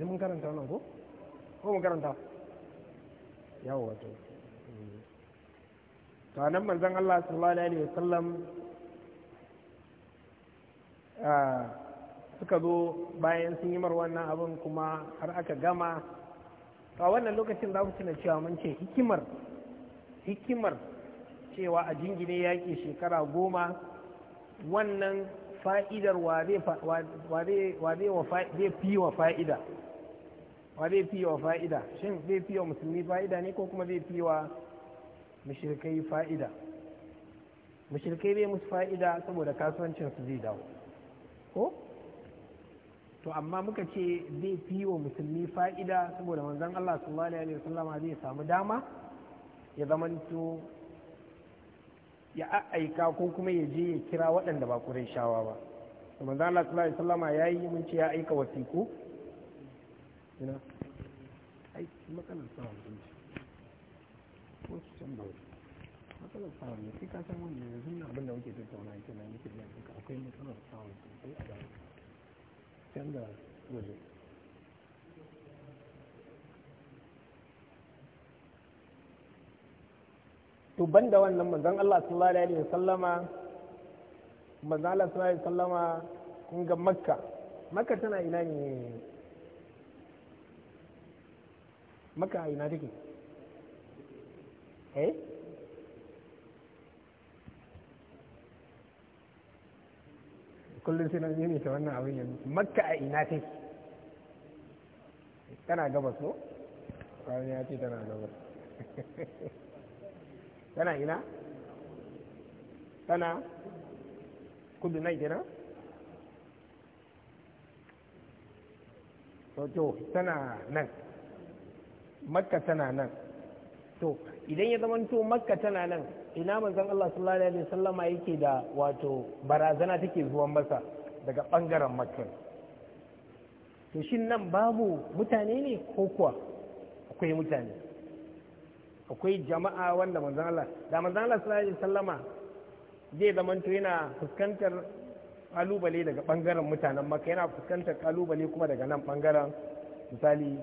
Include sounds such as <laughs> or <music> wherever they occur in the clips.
sai mun karanta nan ko ko mun karanta yawo wato to nan manzon Allah sallallahu alaihi wasallam ah, suka zo bayan sun yi mar wannan abin kuma har aka gama to a wannan lokacin za ku tuna cewa mun ce hikimar hikimar cewa a jingine yaƙi shekara goma wannan fa'idar wa zai fi wa fa'ida wa zai fi wa fa'ida shin zai fi wa musulmi fa'ida ne ko kuma zai fi wa mashirkai fa'ida mashirkai bai musu fa'ida saboda kasuwancin su zai dawo ko to amma muka ce zai fi wa musulmi fa'ida saboda manzan Allah sallallahu alaihi wasallama zai samu dama ya zamanto ya aika ko kuma ya je ya kira waɗanda ba shawa ba manzon Allah sallallahu alaihi ya yi mun ce ya aika wasiku aiki matsalar tsawon da wannan abin da muke tattauna ita na waje to ban wannan manzon Allah sallallahu alaihi wasallama manzon Allah sallallahu alaihi wasallama kun ga makka makka tana ina ne maka ina take eh kullum sai nan yini ta wannan abin yanzu makka a ina take tana gabas ko wani ya ce tana gabas <laughs> tana ina tana kudu nan kenan to tana nan makka tana nan to idan ya to makka tana nan ina manzon Allah sallallahu alaihi wasallam yake da wato barazana take zuwa masa daga bangaren makka to shin nan babu mutane ne ko kuwa akwai mutane akwai jama'a wanda manzon Allah da manzon Allah sallallahu alaihi wasallama zai to yana fuskantar kalubale daga bangaren mutanen makka yana fuskantar kalubale kuma daga nan bangaren misali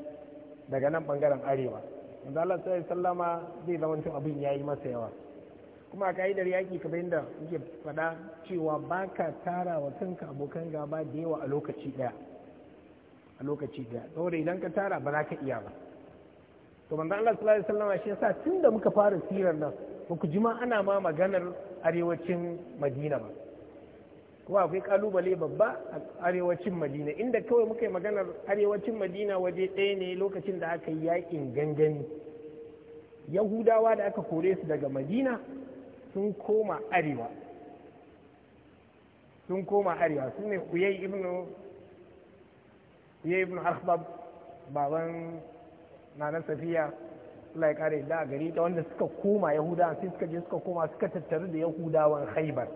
daga nan bangaren arewa yanzu Allah sai sallama zai zama abin abin yi masa yawa kuma a ka'idar yaki kamar da muke faɗa cewa baka tara wa kanka abokan gaba da yawa a lokaci ɗaya a lokaci ɗaya saboda idan ka tara ba za ka iya ba to manzo Allah sallallahu alaihi wasallam shi yasa tunda muka fara sirar nan ba ku ji ma ana ma maganar arewacin Madina ba kuma akwai kalubale babba a arewacin madina inda kawai muka yi maganar arewacin madina waje ɗaya ne lokacin da aka yi yaƙin gangani yahudawa da aka kore su daga madina sun koma arewa sun koma arewa su ne kuyai ibnu kuyai ibnu arhbab baban nanar safiya Allah ya kare da gari ta wanda suka koma yahudawa sai suka je suka koma suka tattaru da yahudawan haibar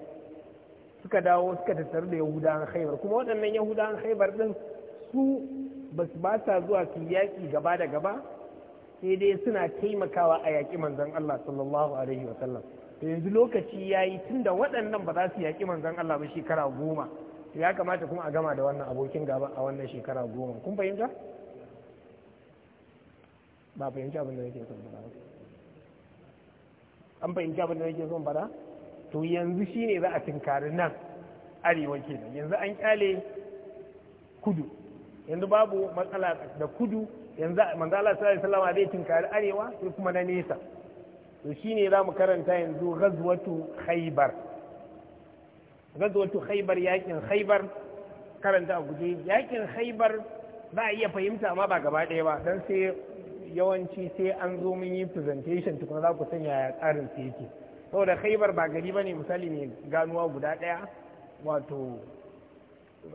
suka dawo suka tattaru da yahudawan haibar kuma waɗannan yahudawan haibar ɗin su ba su ba sa zuwa su yaƙi gaba da gaba sai dai suna taimakawa a yaƙi manzon Allah sallallahu alaihi wa sallam to yanzu lokaci yayi tunda waɗannan ba za su yaƙi manzon Allah ba shekara goma ya kamata kuma a gama da wannan abokin gaba a wannan shekara goma kun fahimta ba fahimci abin da nake son ba? an fahimci abin da nake son faɗa to yanzu ne za a tinkari nan arewa ke nan, yanzu an kyale kudu yanzu babu matsala da kudu yanzu manzala sallallahu alaihi wasallam zai tinkari arewa sai kuma na nesa to shine za mu karanta yanzu ghazwatu khaybar ghazwatu khaybar yakin khaybar karanta a guje yakin khaybar ba iya fahimta amma ba gaba ɗaya ba dan sai yawanci sai an zo mun yi presentation tukuna za ku sanya tsarin su yake saboda khaibar ba gari bane misali ne ganuwa guda ɗaya wato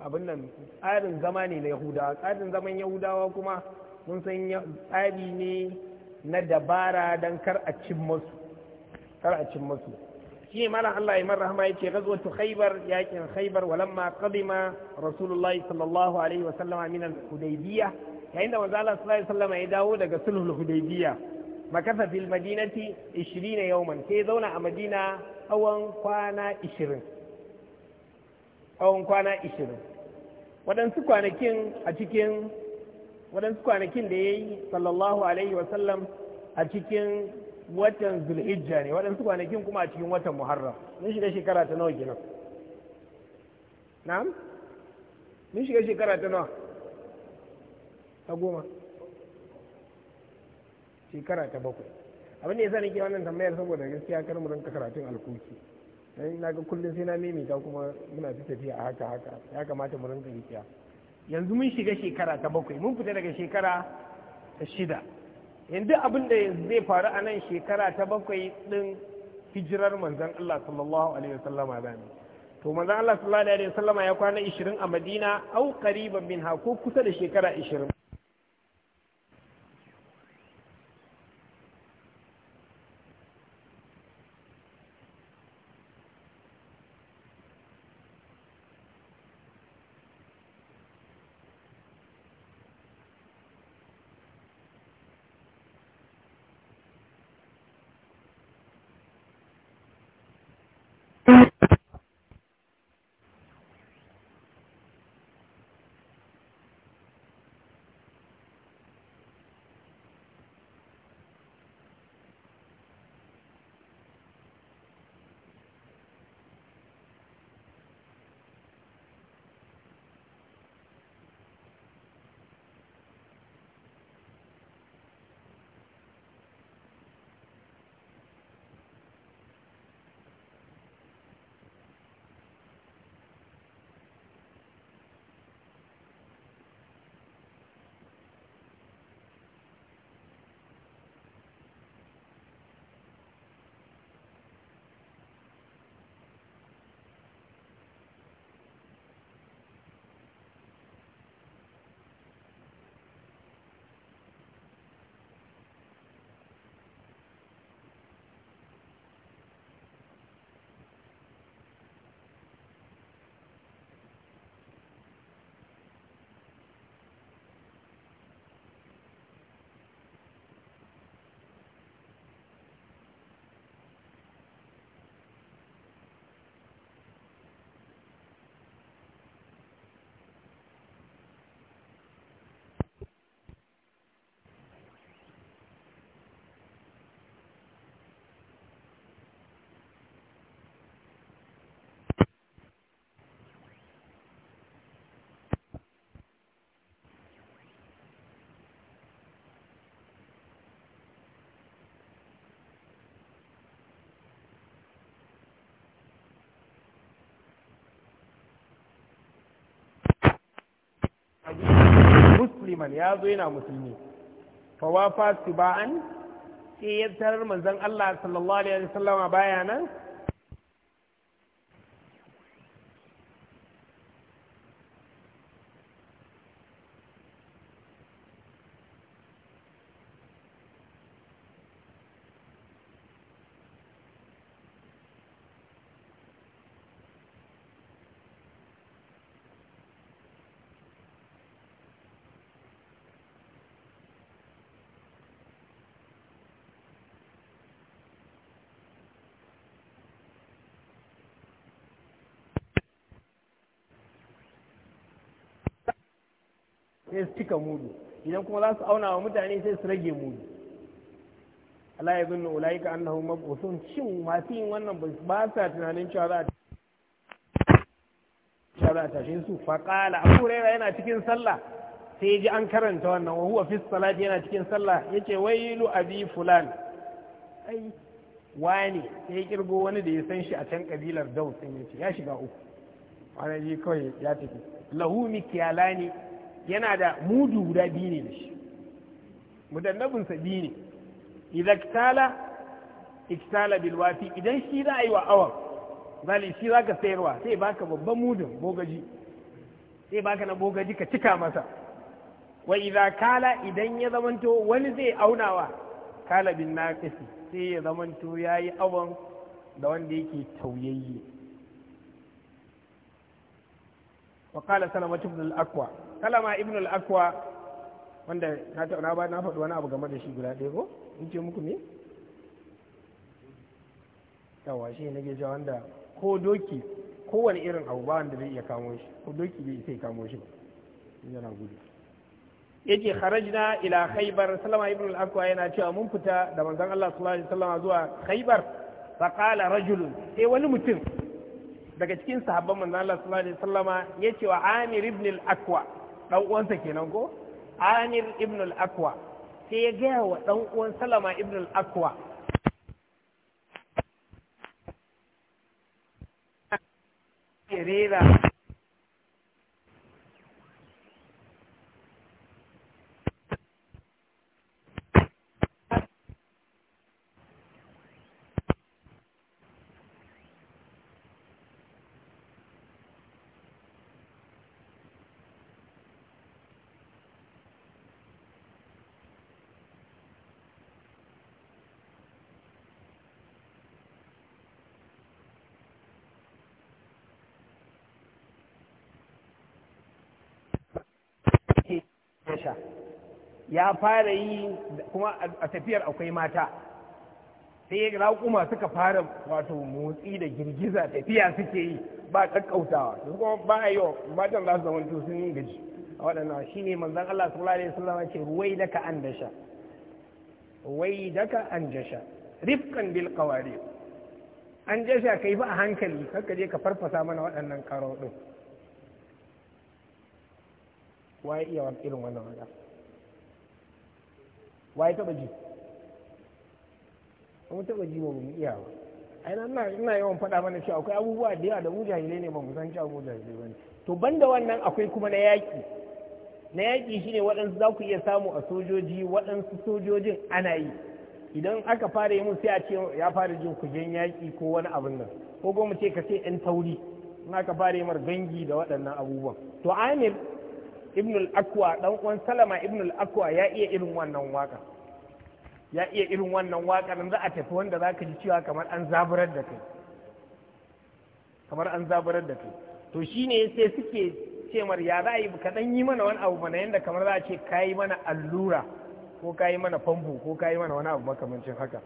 abin nan tsarin zama ne na yahudawa tsarin zaman yahudawa kuma mun san tsari ne na dabara don kar a cin masu kar a cin masu shi ne malam Allah ya man rahama yace ghazwatu khaybar yakin khaybar walamma qadima rasulullahi sallallahu alaihi wa sallama min al-hudaybiyah yayin da manzo Allah sallallahu alaihi wa sallama ya dawo daga sulhul hudaybiyah makasa fil madinati 20 yawman sai zauna a madina tsawon kwana 20 tsawon kwana 20 waɗansu kwanakin a cikin waɗansu kwanakin da ya yi sallallahu alaihi wasallam a cikin watan zulhijja ne waɗansu kwanakin kuma a cikin watan muharram mun shiga shekara ta nawa kenan na'am mun shiga shekara ta nawa ta goma shekara ta bakwai abin da yasa nake wannan tambayar saboda gaskiya kar mu rinka karatun alkuki dan na ga kullum sai na maimaita kuma muna ta tafiya a haka haka ya kamata mu rinka gaskiya yanzu mun shiga shekara ta bakwai mun fita daga shekara ta shida yanzu abin da zai faru a nan shekara ta bakwai din hijirar manzon Allah sallallahu alaihi wasallama da ne to manzon Allah sallallahu alaihi wasallama ya kwana 20 a Madina au qariban minha ko kusa da shekara 20 musliman ya zo yana musulmi fa wafa tiba'an sai ya tarar manzon Allah sallallahu alaihi wasallama baya nan sai su cika mudu idan kuma za su auna wa mutane sai su rage mudu Allah ya bin ulaika annahu mabusun cin masu yin wannan ba sa tunanin cewa za a cewa za a tashi su faƙala. Abu raira yana cikin sallah sai ji an karanta wannan wa huwa fi salati yana cikin sallah yace wailu abi fulan ai wani sai kirgo wani da ya san shi a can kabilar Daud sai ya ce ya shiga uku wani ji kawai ya tafi lahu mikyalani yana da mudu guda biyu ne da shi mudannabinsa biyu ne idaktala iktala bilwafi idan shi za a yi wa awon zali shi za ka sayarwa sai baka babban mudun bogaji sai baka na bogaji ka cika masa wa idza kala idan ya zamanto wani zai aunawa kala bin naqisi sai ya zamanto yayi awon da wanda yake tauyayye wa qala salamatu bin al kalama ibn al-akwa wanda na tauna ba na faɗi wani abu game da shi guda ɗaya ko in ce muku ne yawa shi ne nake cewa wanda ko doki kowane irin abu ba wanda zai iya kamo shi ko doki zai iya kamo shi ba yana gudu yake kharajna ila khaybar salama ibn al-akwa yana cewa mun fita da manzon Allah sallallahu alaihi wasallam zuwa khaybar fa qala rajulun sai wani mutum daga cikin sahabban manzon Allah sallallahu alaihi wasallama yace wa Amir ibn al-Akwa dan uwansa kenan ko Anir ibn al sai ya gaya wa dan uwan Salama ibn al-Aqwa sha ya fara yi kuma a tafiyar akwai mata sai raƙuma suka fara wato motsi da girgiza tafiya suke yi ba ƙaƙƙautawa su kuma ba a yi wa matan za su zama sun yi gaji a waɗannan shi ne manzan Allah lalai alaihi zama ce ruwai daka an dasha ruwai daka an jasha rifkan bil kawari an jasha yi ba a hankali kakka je ka farfasa mana waɗannan karo ɗin waye iya irin wannan magana waye taba ji kuma taba ji ba mu iya ba ai na ina yawan faɗa mana cewa akwai abubuwa da yawa da mu jahilai ne ba mu san cewa mu jahilai bane to banda wannan akwai kuma na yaƙi na yaƙi shine waɗansu za ku iya samu a sojoji waɗansu sojojin ana yi idan aka fara yi mu sai a ce ya fara jin kujen yaƙi ko wani abin nan ko goma ce ka ce 'yan tauri in aka fara yi mar gangi da waɗannan abubuwan to amir Ibnul akwa dan uwan salama Ibnul akwa ya iya irin wannan waka ya iya irin wannan waka nan za a tafi wanda zaka ji cewa kamar an zaburar da kai kamar an zaburar da kai to shine sai suke ce mar ya za yi ka dan yi mana wani abu mana yanda kamar za a ce kai mana allura ko kai mana famfo ko kai mana wani abu makamancin haka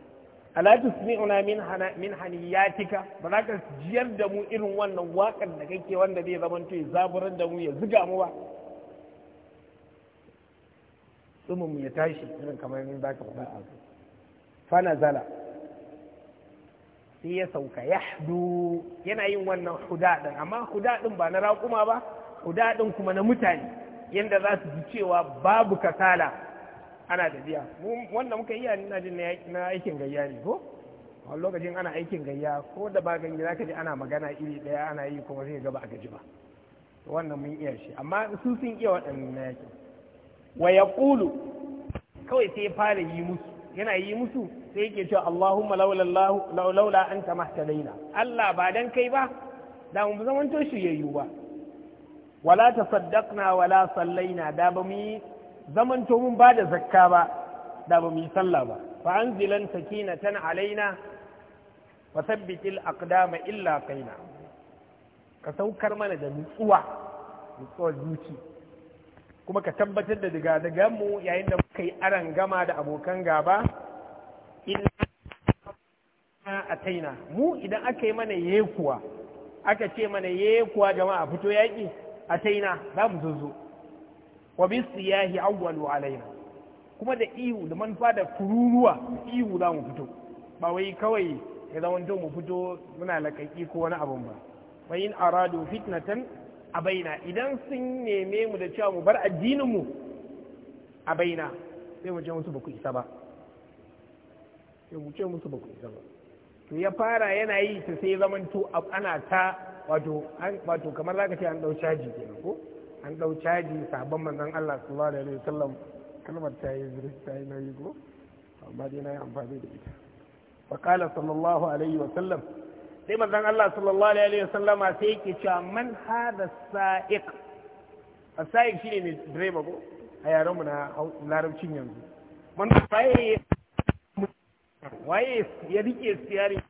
ala tusmi'una min hana min haniyatika ba za ka jiyar da mu irin wannan wakan da kake wanda zai zamanto ya zaburar da mu ya ziga mu ba tsumin ya tashi irin kamar yin baka kuɗi fana zala sai ya sauka ya hudu yana yin wannan hudaɗin amma hudaɗin ba na raƙuma ba hudaɗin kuma na mutane yadda za su ji cewa babu kasala ana da biya wanda muka yi na jin na aikin gayya ne ko a lokacin ana aikin gayya ko da ba gani za ka ji ana magana iri ɗaya ana yi kuma sai ga ba a gaji ba wannan mun iya shi amma su sun iya waɗannan na yakin wa ya kawai sai ya fara yi musu yana yi musu sai yake cewa Allahumma laula ta mahtadaina Allah ba dan kai ba da mu zamanto shiryayyu ba wala tasaddaqna wala sallaina da ba mu zamanto mun ba da zakka ba da ba mu yi sallah ba fa anzilan sakinatan alaina wa sabbitil aqdama illa kaina ka saukar mana da nutsuwa nutsuwar zuciya kuma ka tabbatar da daga mu yayin da muka yi aran gama da abokan gaba ina a taina mu idan aka yi mana yekuwa aka ce mana yekuwa jama'a fito yaƙi a taina za mu zozo wa bi siyahi awwalu alaina kuma da ihu da manufa da kururuwa ihu za mu fito ba wai kawai ya zama mu fito muna laƙaƙi ko wani abun ba wa arado aradu fitnatan a baina idan sun neme mu da cewa mu bar addininmu a baina sai mu ce musu ba ku isa ba sai mu ce musu ba ku isa ba to ya fara yana yi ta sai zamanto ana ta wato wato kamar zaka ce an dau caji kenan ko an dau caji sabon manzon Allah sallallahu alaihi wasallam kalmar ta yi zuri ta yi nayi ko amma dai na yi amfani da ita fa qala sallallahu alaihi wasallam sai manzon Allah sallallahu alaihi wasallama sai yake cewa man hada sa'iq sa'iq shine mai direba ko a yaran mu na larabcin yanzu man faye waye ya rike siyari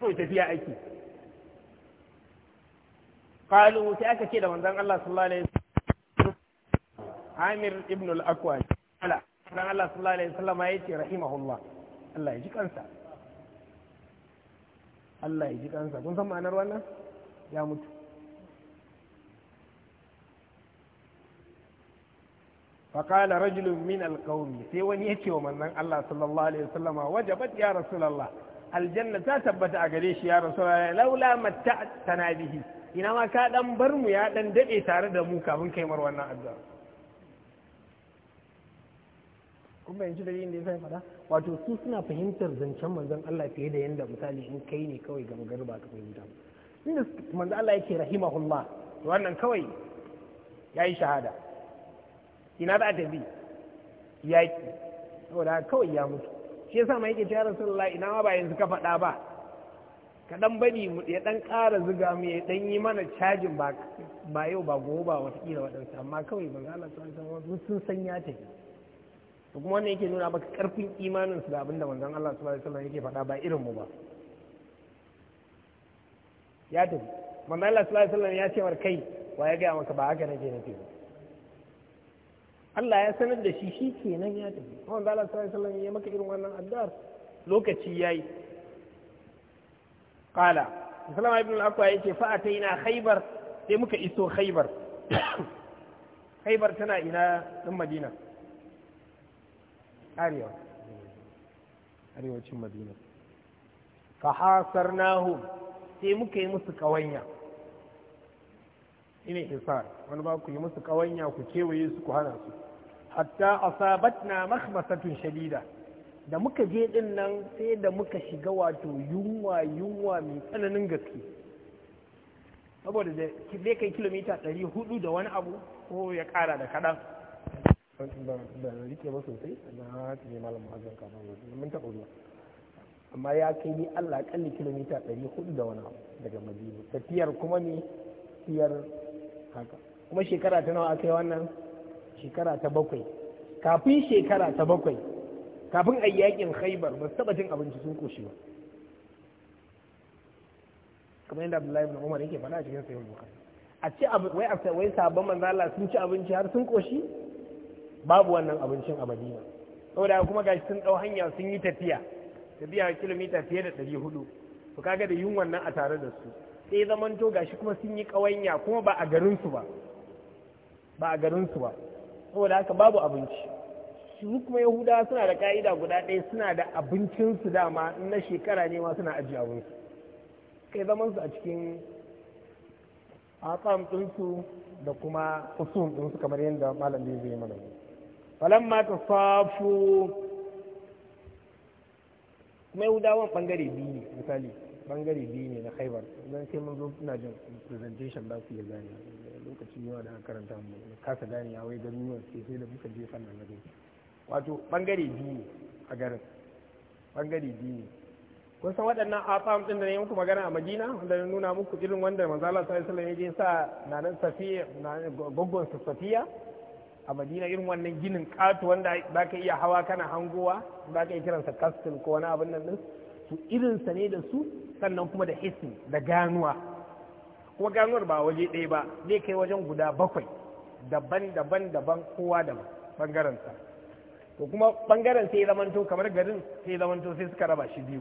so tafiya ake qalu sai aka ce da manzon Allah sallallahu alaihi wasallam Amir ibn al-Aqwa ala manzon Allah sallallahu alaihi wasallama yace rahimahullah Allah ya ji kansa Allah ya ji kansa kun san ma'anar wannan ya mutu faƙala rajulun min alƙawmi sai wani ya ce wa manzon Allah sallallahu alaihi wasallama wajabat ya rasulullah aljanna ta tabbata a gare shi ya rasulullah laula matta'tana bihi ina ma ka dan bar mu ya dan dade tare da mu kafin kai mar wannan addu'a kun da yin da ya sai faɗa wato su suna fahimtar zancen manzon Allah fiye da yanda misali in kai ne kawai ga magana ba ka fahimta inda manzon Allah yake rahimahullah wannan kawai yayi shahada ina za ta bi yaki saboda kawai ya mutu shi yasa ma yake cewa rasulullah ina ma ba yanzu ka faɗa ba ka dan bari mu ya dan ƙara zuga mu ya dan yi mana cajin ba yau ba gobe ba wata kila waɗansu amma kawai manzon Allah sun san ya tafi to kuma wannan yake nuna maka karfin imanin su da abin da manzon Allah sallallahu alaihi wasallam yake faɗa ba irin mu ba ya tafi manzon Allah sallallahu alaihi wasallam ya ce war kai wa ya gaya maka ba haka nake nake ba Allah ya sanar da shi shi kenan ya tafi kuma manzon Allah sallallahu alaihi wasallam ya maka irin wannan addu'ar lokaci yayi qala Musulama ibn al-Aqwa ce fa ataina Khaybar sai muka iso Khaybar <coughs> Khaybar tana ina din Madina arewa arewacin madina fahasarnahum sai muka yi musu kawanya ina hisar wani ba ku yi musu kawanya ku kewaye su ku hana su hatta asabatna makhmasatun shadida da muka je din nan sai da muka shiga wato yunwa yunwa mai tsananin gaske saboda da kai kilomita 400 da wani abu ko ya kara da kadan ban rike ba sosai na malam kafin mun taɓa zuwa amma ya kai ni allah kalli kilomita ɗari da wani daga madina tafiyar kuma ne tafiyar haka kuma shekara ta nawa aka yi wannan shekara ta bakwai kafin shekara ta bakwai kafin a yakin haibar ba su taɓa jin abinci sun koshi ba kamar yadda abdullahi ibn umar yake faɗa a cikin sayyid bukari a ci wai sabon manzala sun ci abinci har sun koshi babu wannan abincin a madina saboda kuma gashi sun ɗau hanya sun yi tafiya tafiya kilomita fiye da ɗari hudu to kaga da yunwan nan a tare da su sai zaman to gashi kuma sun yi ƙawanya kuma ba a garinsu ba ba a su ba saboda haka babu abinci su kuma yahudawa suna da ka'ida guda ɗaya suna da abincinsu dama na shekara ne ma suna ajiye su kai zaman su a cikin atsam ɗinsu da kuma kusur ɗinsu kamar yadda malam zai yi mana falamma ta safu kuma yahudawan bangare biyu ne misali bangare biyu ne na haibar zan sai mun zo ina jin presentation ba su iya gane Lokacin yawa da karanta mu kasa gani ya wai gani yawan sai sai da muka je fannin na wato bangare biyu a garin bangare biyu ne kun san waɗannan afam ɗin da ne muku magana a madina wanda na nuna muku irin wanda manzala sa'ayi alaihi wasallam ya je sa na nan safiya na goggon safiya a madina irin wannan ginin katu wanda ba ka iya hawa kana hangowa ba ka iya kiransa kastin ko wani abin nan su irinsa ne da su sannan kuma da hisni da ganuwa kuma ganuwar ba waje ɗaya ba zai kai wajen guda bakwai daban daban daban kowa daban bangarensa to kuma bangaren sai zamanto kamar garin sai zamanto sai suka raba shi biyu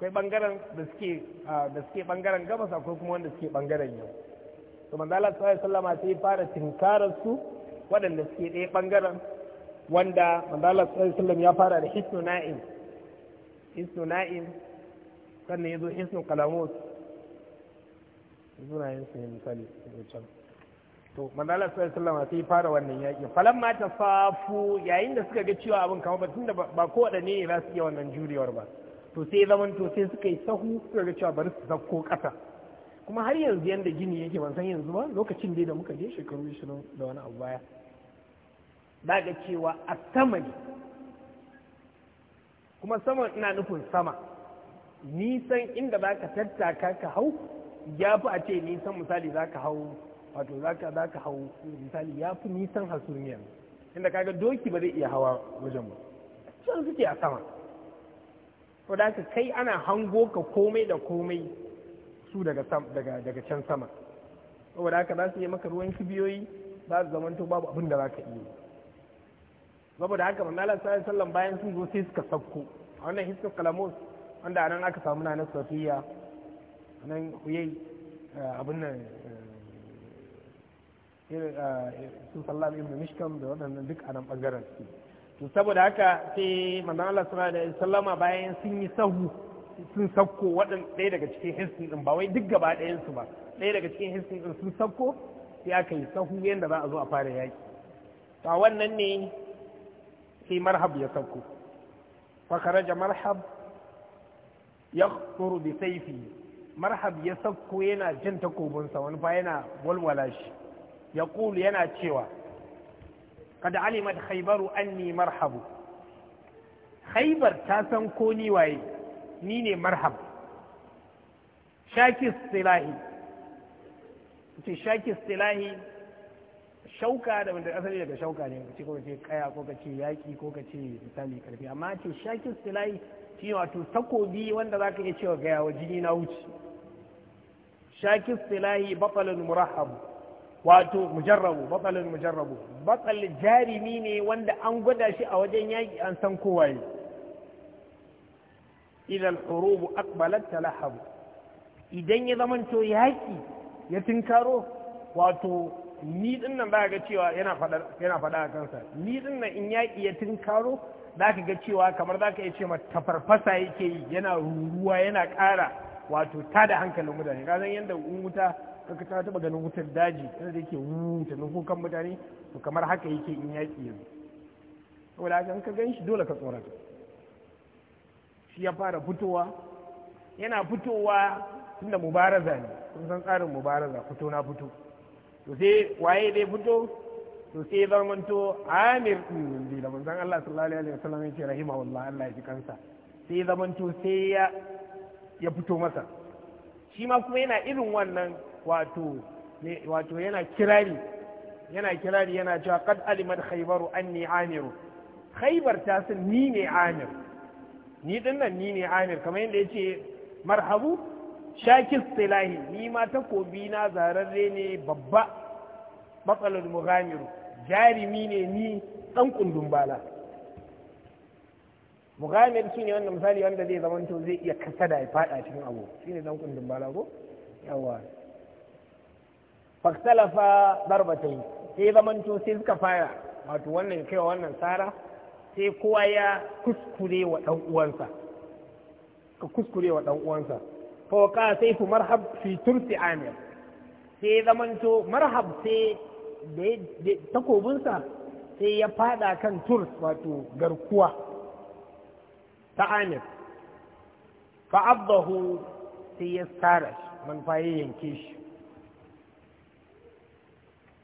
akwai bangaren da suke da suke bangaren gabas akwai kuma wanda suke bangaren yau to manzo Allah sallallahu alaihi wasallam sai fara tinkarar su waɗanda suke ɗaya ɓangaren wanda manzala sallallahu ya fara da hisnu na'im hisnu na'im sannan ya zo hisnu kalamus zuwa yin su misali can to manzala sallallahu ya fara wannan yaƙi Falon mata fafu yayin da suka ga cewa abin kama ba tunda ba ko ne za su iya wannan juriyar ba to sai zaman to sai suka yi sahu suka ga cewa bari su zakko ƙasa kuma har yanzu yanda gini yake ban san yanzu ba lokacin dai da muka je shekaru 20 da wani abu baya daga cewa a sama ne kuma sama ina nufin sama nisan inda za ka tattaka ka hau ya fi a ce nisan misali za ka hau wato za ka hau misali ya fi nisan hasumiyar inda kaga doki ba zai iya hawa wajen ba can suke a sama ko da ka kai ana hango ka komai da komai su daga can sama saboda haka za su yi maka ruwan kibiyoyi za su zamanto babu abin da za ka iya saboda haka manzala sallallahu alaihi wasallam bayan sun zo sai suka sakko a wannan hisnul kalamus wanda anan aka samu na safiya nan huyai eh, abin nan eh, eh, sun sallam ibn mishkam da waɗannan duk anan ɓangaren su to saboda haka sai manzon Allah sallallahu alaihi wasallama bayan sun yi sahu sun sakko waɗan ɗaya daga cikin hissin ɗin ba wai duk gaba ɗayan su ba ɗaya daga cikin hissin ɗin sun sakko sai aka yi sahu yadda za a zo a fara yaƙi to a wannan ne sai marhab ya sauko fakaraja marhab ya tsoro da saifi marhab ya sauko yana jin takobinsa wani fa yana walwala shi ya kulu yana cewa kada alimat khaibaru anni marhabu khaibar ta san ko ni waye ni ne marhab shakis silahi shakis silahi shauka da wanda asali daga shauka ne ce ko ce kaya ko ce yaki ko ce misali karfi amma ce shakin silai shi wato takobi wanda zaka iya cewa ga yawa jini na wuce shakin silahi batsalin murahab wato mujarrabu batsalin mujarrabu batsal jarimi ne wanda an gwada shi a wajen yaki an san kowa ne idan hurubu akbalat talahabu idan ya zamanto yaki ya tinkaro wato ni din nan za ga cewa yana faɗa a kansa ni din nan in yaƙi ya karo za ka ga cewa kamar za ka iya ce ma tafarfasa yake yi yana ruwa yana ƙara wato tada hankalin mutane ka san yadda wuta kaka ta taɓa ganin wutar daji yana da yake wuta kukan mutane to kamar haka yake in yaƙi yanzu saboda haka in ka gan dole ka tsorata shi ya fara fitowa yana fitowa tunda mubaraza ne kun san tsarin mubaraza fito na fito to sai waye dai fito to sai zamanto amir nan dai da manzon Allah sallallahu alaihi wasallam ya ce wallahi Allah ya ji kansa sai zamanto sai ya ya fito masa shi ma kuma yana irin wannan wato wato yana kirari yana kirari yana cewa qad alimat khaybaru anni amiru khaybar ta san ni ne amir ni dinnan ni ne amir kamar yadda yace marhabu shakis silahi ni ma takobi na zararre ne babba matsalar mughamiru jarimi ne ni dan kundun bala mughamir shine wanda misali wanda zai zama to zai iya kasada ya fada cikin abu shine dan kundun bala ko yawa faktalafa darbatai sai zaman to sai suka fara wato wannan kai wannan tsara sai kowa ya kuskure wa dan uwansa ka kuskure wa dan uwansa sai sayfu marhab fi tursi amir sai zamanto marhab sai da takobinsa sai ya fada kan tur wato garkuwa ta amir fa'abdahu sai ya tsara shi manufa ya yanke shi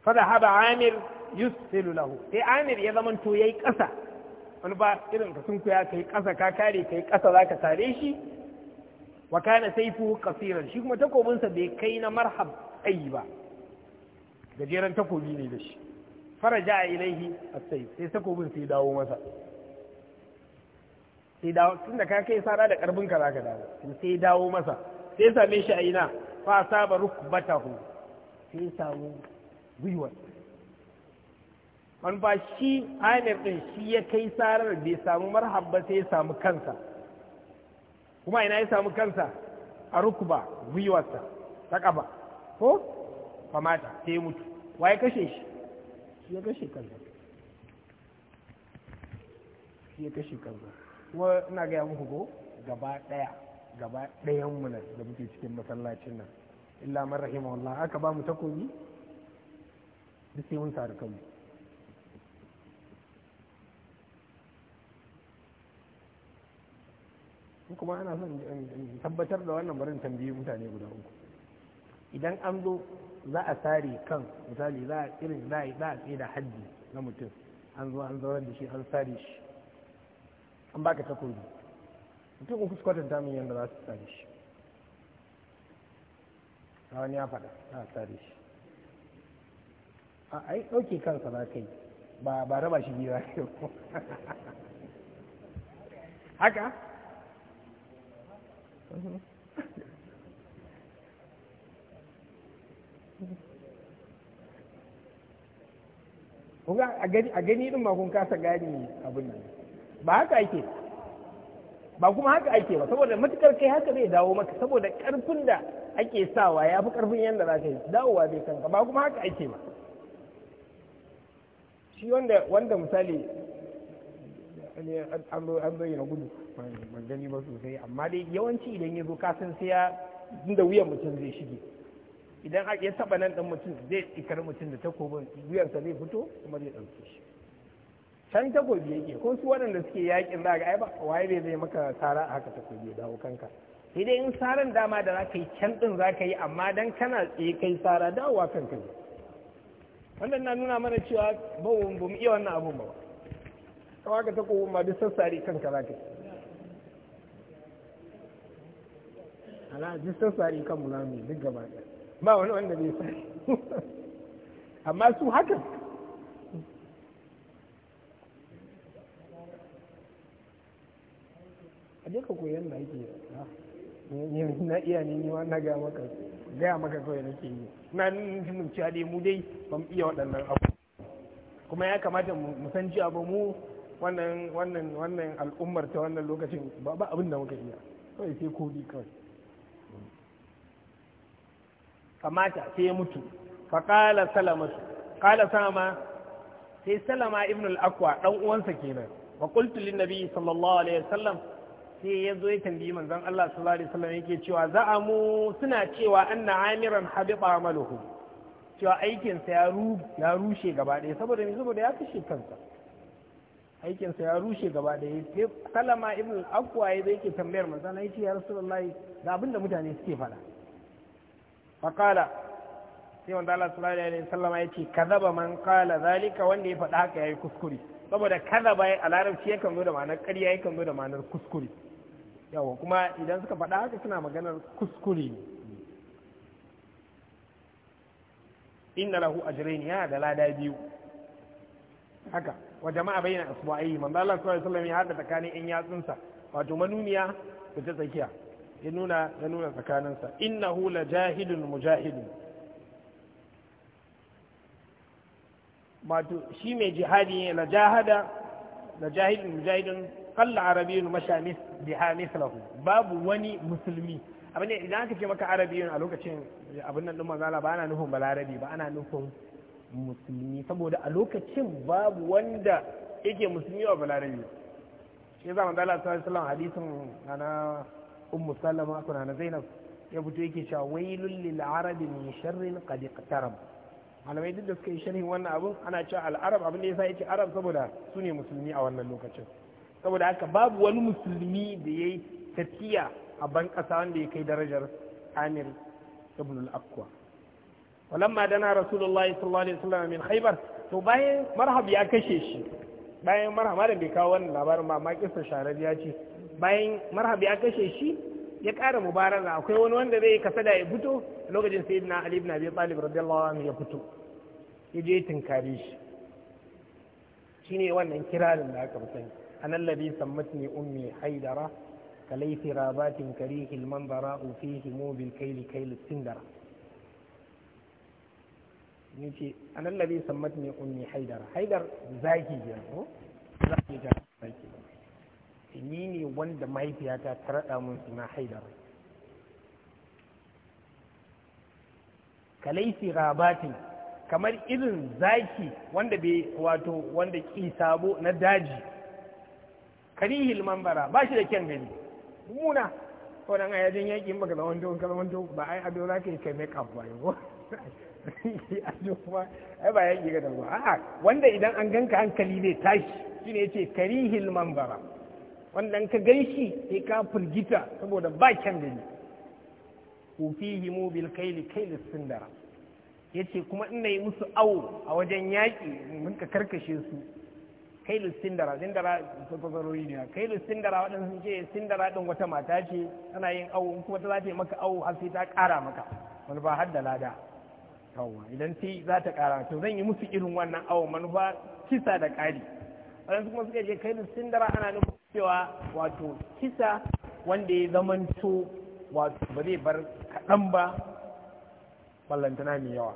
fada haɗa amir yusilu lahu sai amir ya zamanto ya yi ƙasa wani ba irin ka sun kuya ka yi ƙasa ka kare ka yi ƙasa za ka tare shi wa kana saifu kasiran shi kuma takobinsa bai kai na marhab ai ba gajeren takobi ne da shi faraja ilaihi as-sayf sai takobin sai dawo masa sai dawo tunda ka kai sara da karbin ka zaka dawo sai dawo masa sai same shi a ina fa saba rukbatahu sai samu gwiwar man ba shi amir din shi ya kai sarar bai samu ba sai ya samu kansa kuma ina ya samu kansa a rukuba gwiwarsa ta ƙafa ko famata ta yi mutu wa ya kashe shi ya kashe kansa ya kashe kansa kuma ina gaya muku ko gaba ɗaya gaba ɗayan mu da muke cikin masallacin nan illa man Allah aka ba mu takobi duk sai mun sadu kanmu kuma ana son tabbatar da wannan barin tambayi mutane guda uku idan an zo za a sare kan misali za a irin za a za a tsaye da hajji na mutum an zo an zaurar da shi an sare shi an baka takobi mutum uku su kwatanta min yadda za su sare shi a wani ya faɗa za a sare shi a ai ɗauke kansa za ka yi ba raba shi biyu za <laughs> haka a gani din ma kun kasa gani abin nan ba haka ake ba kuma haka ake ba saboda matukar kai haka zai dawo maka saboda karfin da ake sawa ya fi karfin yadda za ka yi dawowa zai kanka ba kuma haka ake ba shi wanda misali ne an bayyana gudu ban gani ba sosai amma dai yawanci idan ya zo kasan sai ya inda wuyan mutum zai shige idan ya taba nan dan mutum zai ikar mutum da takobin wuyansa zai fito kuma zai ɗauke shi can takobi yake ko su waɗanda suke yakin za ga ai ba waye ne zai maka tsara a haka takobi ya dawo kanka sai dai in saran dama da za ka yi can ɗin za ka yi amma dan kana tsaye kai tsara dawowa kanka ne wannan na nuna mana cewa ba mu iya wannan abun ba kawai ka ta kowa duk sassare kanka za ka yi ala duk sassare kan mu zamu duk gaba ba wani wanda bai sa <laughs> amma su haka a je ka koyan da ake ah, na iya ne ni na ga maka gaya maka kawai nake yi na nufin cewa dai mu dai ban iya waɗannan abu kuma ya kamata mu san cewa mu wannan wannan wannan al'ummar ta wannan lokacin ba ba abin da muka iya kawai sai ko kodi kawai famata sai ya mutu faƙala salamatu ƙala sama sai salama ibn al-akwa dan uwansa kenan wa qultu lin nabi sallallahu alaihi wasallam sai ya zo ya tambayi manzon Allah sallallahu alaihi wasallam yake cewa za'amu suna cewa anna amiran Habiba amaluhu cewa aikinsa ya rushe gaba ɗaya saboda ne saboda ya kashe kansa aikinsa ya rushe gaba da sai kalama ibn akwa ya zai ke tambayar manzo ya yace ya rasulullahi ga abinda mutane suke fada faƙala sai wanda Allah sallallahu alaihi wasallam ya ce kadaba man qala zalika wanda ya faɗa haka yayi kuskure saboda kadaba a larabci yakan zo da ma'anar ƙarya yakan zo da ma'anar kuskure yawa kuma idan suka faɗa haka suna maganar kuskure ne inna lahu ajrayn ya da lada biyu haka wa jama'a bayyana asbu'ai manzo Allah sallallahu alaihi wasallam ya hada tsakanin yan yatsunsa wato manuniya da ya nuna ya nuna tsakaninsa innahu la jahidun mujahidun wato shi mai jihadi ne la jahada la jahidun mujahidun qalla babu wani musulmi abin idan aka ce maka arabiyyun a lokacin abin nan ɗin manzo ba ana nufin balarabi ba ana nufin musulmi saboda a lokacin babu wanda yake musulmi wa balarabi shi za mu dala sallallahu alaihi hadisin ana ummu sallama kuna na zainab ya fito yake cewa wailul lil arabi min sharrin qad iqtarab malamai duk da suka yi sharhin wannan abun ana cewa al arab abin da yasa yake arab saboda su ne musulmi a wannan lokacin saboda haka babu wani musulmi da yayi tafiya a ban kasa wanda ya kai darajar amir ibn al-aqwa walamma dana rasulullahi sallallahu alaihi wasallam min khaybar to bayan marhab ya kashe shi bayan marhab da bai kawo wannan labarin ba amma kissa sharar ya ce bayan marhab ya kashe shi ya ƙara mubarara akwai wani wanda zai kasada ya fito lokacin sayyidina ali ibn abi talib radiyallahu anhu ya fito ya je tinkare shi shine wannan kirarin da aka sani anan ladhi sammatni ummi haidara kalaiti rabatin karihil manzara fihi mu bil kayli kayl sindara ne ce anan labi sammat ne ummi haidar haidar zaki ya ko zaki ta zaki eh, ni ne wanda mahaifiyata ta raɗa mun suna haidar kalaisi rabati kamar irin zaki wanda bai wato wanda ki sabo na daji karihil mambara ba shi da kyan gani muna ko dan ayajin yaki in baka zaman to ka ba ai abin zaka yi kai mai up ba yau ai ba yaki ga ba a'a wanda idan an ganka hankali zai tashi shine yace karihil manzara wanda ka ganshi sai ka firgita saboda ba kyan gani ufihimu bil kaili kaili sindara ya ce kuma ina yi musu awo a wajen yaƙi mun ka karkashe su kailu sindara sindara fasarori ne kailu sindara waɗansu ce sindara ɗin wata mata ce tana yin awo kuma ta za ta yi maka awo har sai ta ƙara maka wani ba har da lada yawwa idan sai za ta ƙara to zan yi musu irin wannan awon manufa kisa da ƙari wadansu kuma suka je kai sun dara ana nufin cewa wato kisa wanda ya zamanto wato ba zai bar kaɗan ba ballantana mai yawa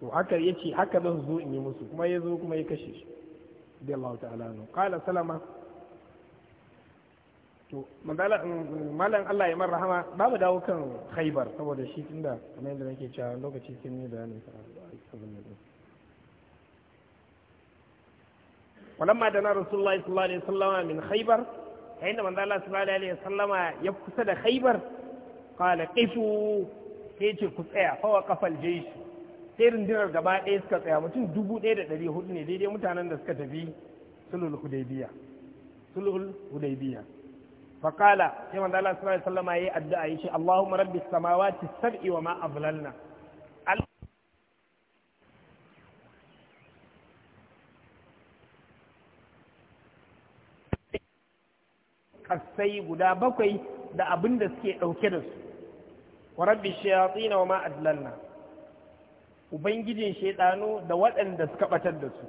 to haka ya ce haka zan zo in yi musu kuma ya zo kuma ya kashe shi da Allah ta'ala no kala salama to malam Allah ya rahama ba mu dawo kan haibar saboda shi tunda kamar yadda nake cewa lokaci sun yi bayanin sa walamma da na rasulullahi sallallahu alaihi wasallama min khaibar yayin da manzo Allah sallallahu alaihi sallama ya fi kusa da khaibar qala qifu ke ce ku tsaya fawa kafal shi. sai rundunar gaba ɗaya suka tsaya mutum dubu ɗaya da ɗari hudu ne daidai mutanen da suka tafi sulul hudaybiya sulhul faqala sai manzo Allah sallallahu alaihi wasallam yayi addu'a yace Allahumma rabbis samawati sab'i wa ma adlalna kasai guda bakwai da abin da suke ɗauke da su wa rabbi shayatina wa ma ubangijin shaidanu da waɗanda suka ɓatar da su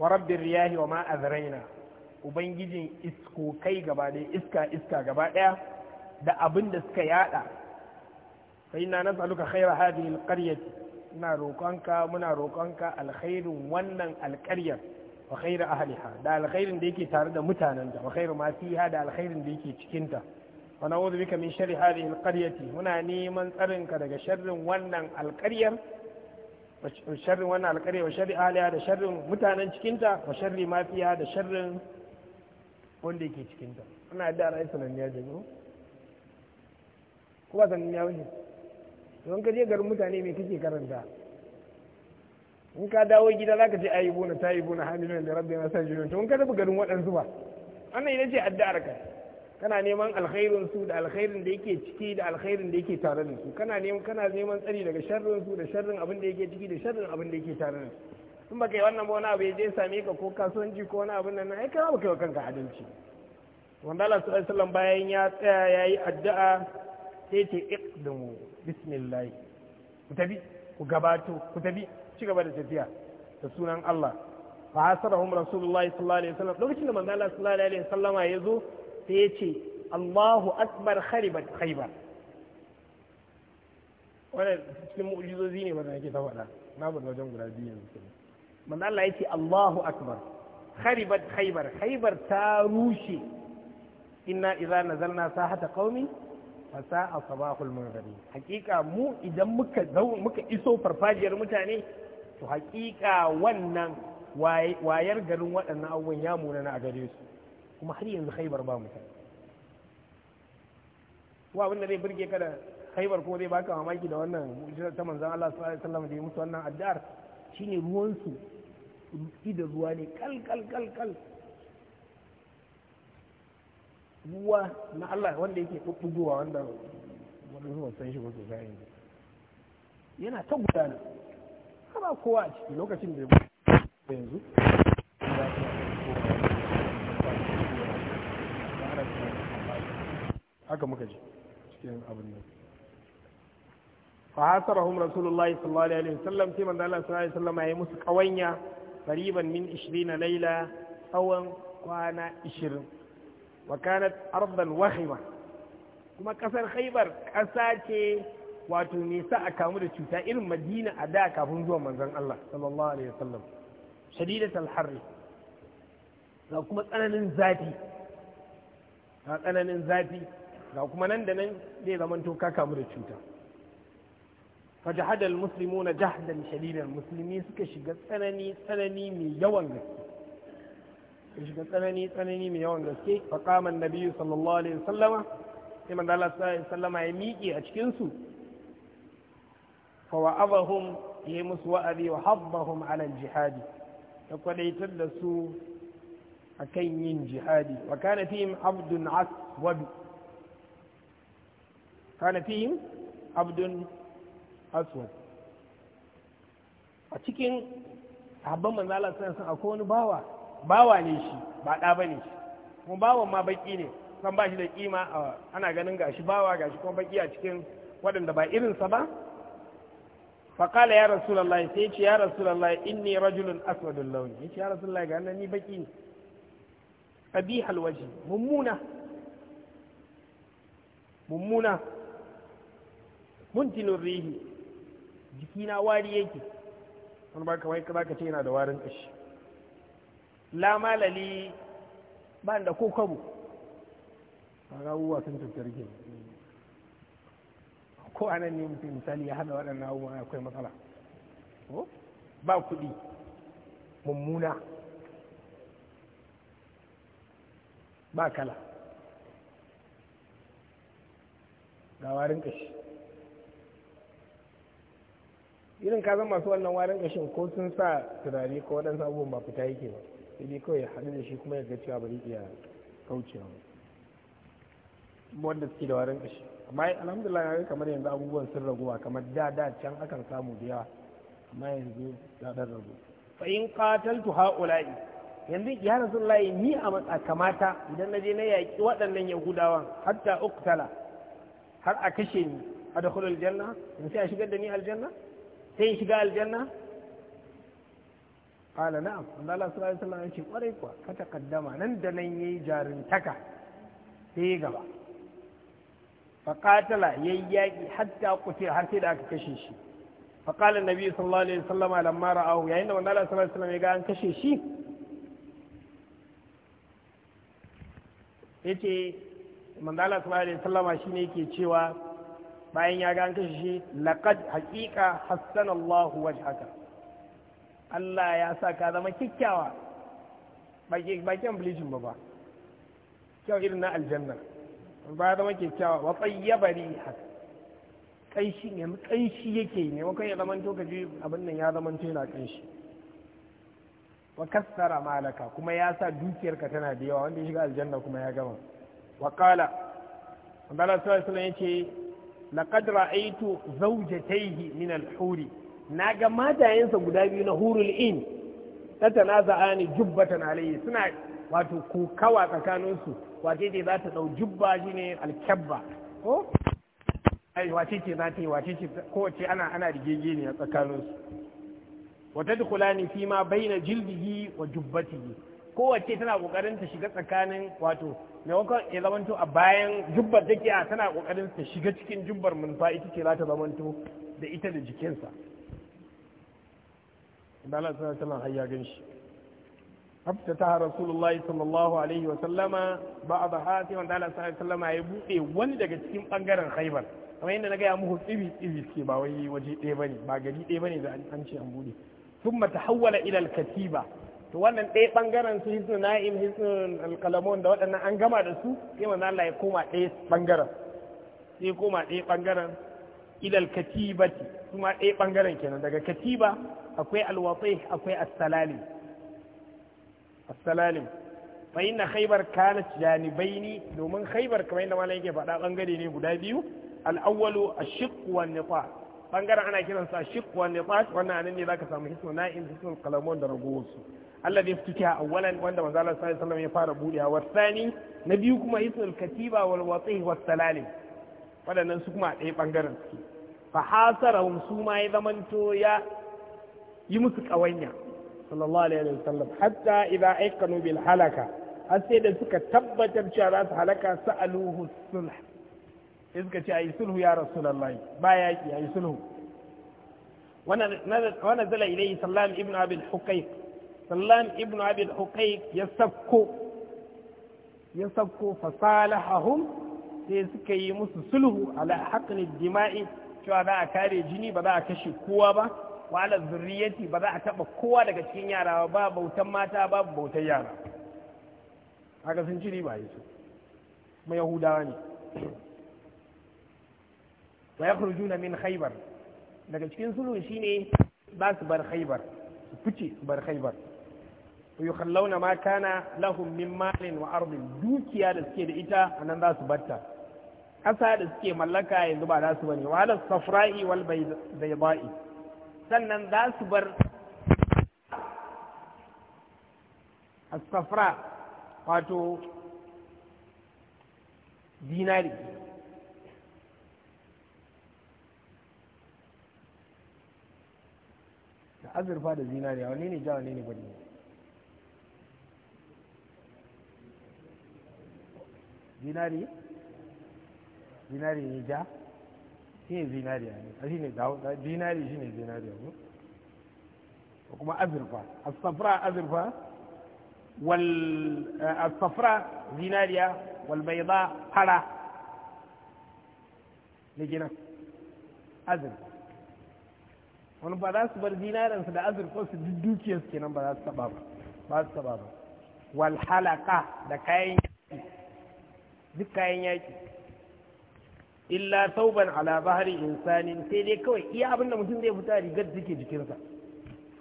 wa rabbi riyahi wa ma ubangijin iskokai gaba ɗaya iska iska gaba ɗaya da abin da suka yada na inna saluka khaira hadhihi alqaryati ina roƙonka muna roƙonka alkhairin wannan alƙaryar wa khairu ahliha da alkhairin da yake tare da mutanen da wa khairu ma fiha da alkhairin da yake cikin ta wa na'udhu bika min sharri hadhihi alqaryati muna neman tsarinka daga sharrin wannan alƙaryar sharrin wannan alƙarya wa sharri ahliha da sharrin mutanen cikinta wa sharri ma fiha da sharrin wanda yake cikinta ana a ra'ayi sananniya da yau kuma ba sananniya wace don ka je garin mutane mai kake karanta in ka dawo gida za ka ce ayi bona ta yi bona hamilan da rabbi na sanjiyon to in ka tafi garin waɗansu ba ana yi ce addu'ar ka kana neman alkhairin su da alkhairin da yake ciki da alkhairin da yake tare da su kana neman kana neman tsari daga sharrin su da sharrin abin da yake ciki da sharrin abin da yake tare da su in baka yi wannan ba wani abu ya je same ka ko kasuwanci ko wani abu nan ai kana kai yi kanka adalci wanda Allah sallallahu alaihi wasallam bayan ya tsaya yayi addu'a sai ce iqdamu bismillah ku tabi ku gabato ku tabi ci gaba da tafiya da sunan Allah fa hasarahum rasulullahi sallallahu alaihi wasallam lokacin da manzo Allah sallallahu alaihi wasallama ya zo sai ya ce Allahu akbar kharibat khaybar wannan cikin mu'jizozi ne wanda nake ta faɗa na bar wajen guda biyu yanzu manzo Allah yace Allahu akbar kharibat khaybar khaybar ta rushe inna idza nazalna sahata qaumi fa sa'a sabahul munzari hakika mu idan muka muka iso farfajiyar mutane to hakika wannan wayar garin waɗannan abubuwan ya munana a gare su kuma har yanzu khaybar ba mutane wa wanda zai burge kada da ko kuma zai baka mamaki da wannan mu'jizar ta manzon Allah sallallahu alaihi wasallam da ya mutu wannan addu'ar shine ruwansu da ruwa ne kalkalkalkal ruwa na Allah wanda yake ɓuɓɓugowa wanda wani zuwa san shi wasu zai yana ta gudana kama kowa a ciki lokacin da ya yanzu haka muka ji cikin abin nan fa hasarahum rasulullahi sallallahu alaihi wasallam sai manzo Allah sallallahu alaihi wasallam ya yi musu kawanya qariban min 20 laila tsawon kwana 20 wa kanat ardan wahima kuma kasar khaybar kasa ce wato nisa a kamu da cuta irin madina a da kafin zuwa manzon Allah sallallahu alaihi wasallam shadidatul harri ga kuma tsananin zafi ga tsananin zafi ga kuma nan da nan zai zamanto ka kamu da cuta فجحد المسلمون جحدا شديدا المسلمين سكا شيغا سناني سناني مي يوان غسكي شيغا سناني سناني يوان غسكي فقام النبي صلى الله عليه وسلم كما قال الله عليه وسلم اي ميكي اتشكنسو فوعظهم يمس وابي وحضهم على الجهاد يقول يتدسو اكين من جهادي وكان فيهم عبد عصب كان فيهم عبد aswad a cikin habban manzala sun san akwai wani bawa bawa ne shi ba ɗa ba ne shi kuma bawan ma baki ne san ba shi da kima ana ganin gashi bawa gashi kuma baki a cikin waɗanda ba irinsa ba faƙala ya rasulallah sai ya ce ya rasulallah inni rajulun aswadun launi ya ce ya rasulallah ga nan ni baki ne qabihal waji mummuna mummuna muntinun rihi jikina wari yake wani ba kamar ka ce yana da warin ƙashi la malali ba da ko kwabo a rawuwa sun tattar ke ko a nan ne mutum misali ya hada waɗannan abubuwan akwai matsala ba kuɗi mummuna ba kala ga warin ƙashi irin ka zama masu wannan warin kashin ko sun sa tunani ko waɗansu abubuwan ba fita yake ba sai kawai kawai haɗu da shi kuma ya ga cewa ba zai iya kaucewa wanda suke da warin kashi amma alhamdulillah ya kamar yanzu abubuwan sun raguwa kamar da da can akan samu da yawa amma yanzu ya dan ragu fa in qataltu haula'i yanzu ya rasulullahi ni a matsa kamata idan na je na yaƙi waɗannan yahudawan hatta uktala har a kashe ni adkhulul janna in sai a shigar da ni aljanna sai shiga aljanna qala na'am Allah sallallahu alaihi wasallam yace kwarai kuwa ka takaddama nan da nan yayi jarintaka sai gaba fa qatala yaki hatta qutila har sai da aka kashe shi fa qala nabi sallallahu alaihi wasallam lamma ra'ahu yayin da Allah sallallahu alaihi wasallam ya ga an kashe shi yace manzo Allah sallallahu alaihi wasallam shine yake cewa bayan ya gan kashi shi laqad haqiqa hassana Allah wajhaka Allah ya sa ka zama kikkiawa baki bakin bleaching ba ba kyau irin na aljanna ba zama kikkiawa wa tayyaba haka kanshi ne kanshi yake ne wa kai ya to kaji abin nan ya zaman to yana kanshi wa kassara malaka kuma ya sa dukiyarka tana da yawa wanda ya shiga aljanna kuma ya gama wa qala Allah sallallahu alaihi wasallam yace laqad ra'aytu zawjatayhi min al-huri naga matayensa guda biyu na hurul in ta tanaza'ani jubbatan alayhi suna wato kokawa tsakaninsu wace ce za ta dau jubba shine al-kabba ko ai wace ce za ta yi wace ce ko ce ana ana a tsakaninsu wa tadkhulani fi ma baina jildihi wa jubbatihi kowace tana kokarin ta shiga tsakanin wato maimakon ya zamanto a bayan jubbar take a tana kokarin ta shiga cikin jubbar munfa ita ce za ta zamanto da ita da jikinsa Dala Allah sallallahu alaihi gan shi افتتح رسول الله صلى الله عليه وسلم بعض هاتي وان الله صلى الله عليه وسلم ya buɗe wani daga cikin bangaren Khaibar kamar yadda na gaya muku tsibi tsibi suke ba wai waje ɗaya bane ba gari ɗaya bane da an ce an buɗe. thumma tahawwala ila al-katiba to wannan ɗaya ɓangaren su hisnun na'im hisnun alkalamun da waɗannan an gama da su sai manzo Allah ya koma ɗaya ɓangaren sai koma ɗaya ɓangaren ilal katibati kuma ɗaya ɓangaren kenan daga katiba akwai alwatsai akwai assalalim assalalim fa inna khaybar kanat janibaini domin khaybar kamar yadda malam yake faɗa ɓangare ne guda biyu al-awwalu ash-shiqq wan nifaq bangaren ana kiransa shiq wa nifas wannan anan ne zaka samu hisnu na'im hisnu qalamun da ragowarsu Allah bai a awwalan wanda manzo Allah sallallahu ya fara budewa wasani na biyu kuma ismul katiba wal wati was salalim wadannan su kuma a ɗaya bangaren suke fa hasarahum su ma ya zamanto ya yi musu kawanya sallallahu alaihi wasallam hatta idza aikanu bil halaka har sai da suka tabbatar cewa za su halaka sa'aluhu sulh sulhu ya rasulullahi ba sulhu wannan sallam ibnu abil sallam ibn abid hukai ya sakko ya sakko hun sai suka yi musu sulhu a haqqin dima'i cewa za a kare jini ba za kashe kowa ba wa ala ba za a taba kowa daga cikin yara ba bautan mata ba bautan yara haka sun ci yahudawa ne wa min haibar daga cikin sulhu shine ba su bar khaybar su fice su bar ويخلون ما كان لهم من مال وأرض دوكيا لسكي ايتا أن الناس بطا أسا لسكي ملكا يذبع ناس بني وعلى الصفراء والبيضاء سنن ناس بر الصفراء قاتو ديناري أزر فاد الزيناري أو نيني جاء نيني بني zinari zinari ne ja shi ne zinariya ne shi ne zinari shi ne ne ko kuma azurfa asafra azurfa wal eh, asafra zinariya wal bayda fara ne gina azurfa wani ba za su bar su da azurfa su duk su kenan ba za su taba ba ba su taba ba wal halaka da kayan yaki duk kayan yaki illa sauban ala bahari insani sai dai kawai iya abin da mutum zai fita rigar da take jikinsa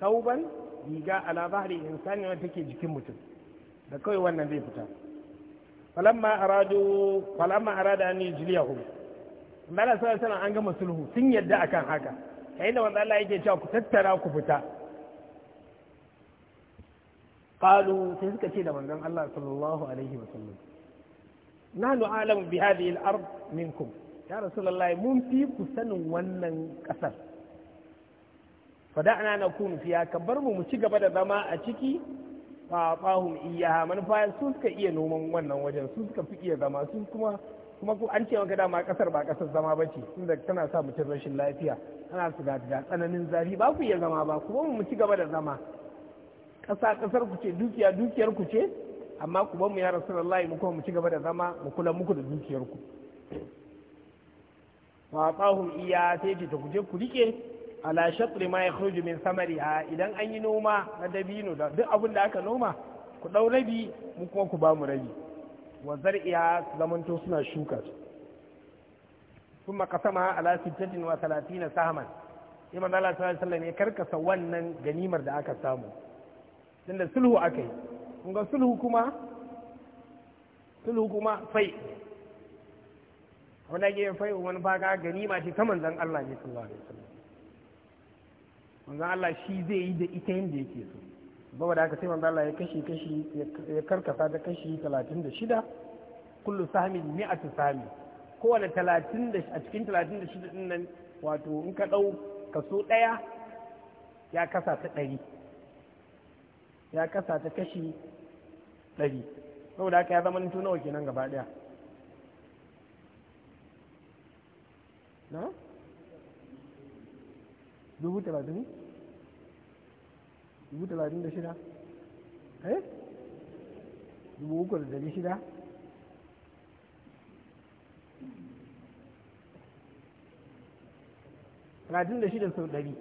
sauban riga ala bahari insani wanda take jikin mutum da kawai wannan zai fita falamma aradu falamma arada an yujliyahu mala sallallahu alaihi an gama sulhu sun yadda akan haka kai da wanda Allah yake cewa ku tattara ku fita qalu sai suka ce da manzon Allah sallallahu alaihi wasallam nahnu a'lamu bi hadhihi al-ard minkum ya rasulullah mun fi ku sanin wannan kasar fada'na nakunu fiya ka bar mu mu ci gaba da zama a ciki fa fahum man fa su suka iya noman wannan wajen su suka fi iya zama su kuma kuma ku an ce maka dama kasar ba kasar zama ba ce tunda tana sa mutum rashin lafiya ana su ga tsananin zafi ba ku iya zama ba kuma mu ci gaba da zama ƙasa kasar ku ce dukiya dukiyar ku ce amma ku mu ya rasulullahi mu kuma mu ci gaba da zama mu kula muku da dukiyarku wa tsahum iya sai ki ta kuje ku rike ala shatri ma yakhruju min samariha idan an yi noma na dabino da duk abin da aka noma ku dau rabi mu kuma ku bamu rabi wa zar'iha zamanto suna shuka kuma kasama ala sittatin wa talatina sahman imam Allah sallallahu alaihi wasallam ya karkasa wannan ganimar da aka samu tunda sulhu aka yi kun sulhu kuma sulhu kuma fai wanda ke fai wani faga gani ma ce ta manzan Allah ne sallallahu alaihi wasallam manzan Allah shi zai yi da ita yadda yake so da haka sai manzan Allah ya kashi kashi ya karkasa ta kashi 36 kullu Sami, mi'atu Sami, kowane 30 a cikin 36 din nan wato in ka dau kaso daya ya kasa ta ɗari ya kasa ta kashi ɗari saboda haka ya zama nintu nawa kenan gaba ɗaya na dubu talatin dubu talatin da shida eh dubu uku da dari shida talatin da shida sau ɗari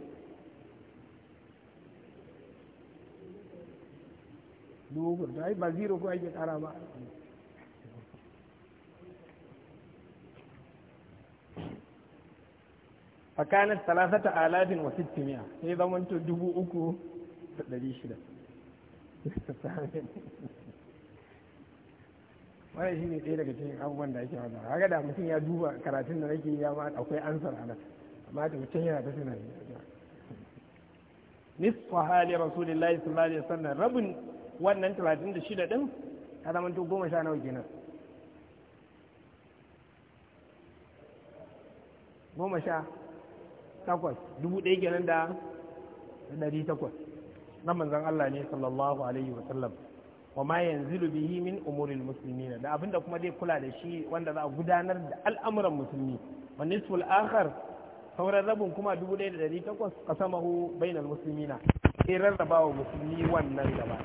dubu hudu ai ba zero ko ake kara ba fakanat alafin sai zamanto dubu uku da ɗari shida wani shi ne ɗaya daga cikin abubuwan da ake wata haka da mutum ya duba karatun da nake ya ma akwai ansar a amma da mutum yana ta tunani nisfa hali rasulillahi sallallahu alaihi wasallam rabin wannan talatin da shida ɗin ta zama tun goma sha nawa kenan goma sha takwas dubu ɗaya kenan da ɗari takwas na manzan Allah ne sallallahu alaihi wa sallam wa ma yanzilu bihi min umuril muslimin da abinda kuma zai kula da shi wanda za a gudanar da al'amuran musulmi wa nisful akhar sauran rabin kuma dubu ɗaya da ɗari takwas 1800 bainar bainal muslimina sai rarrabawa musulmi wannan gaba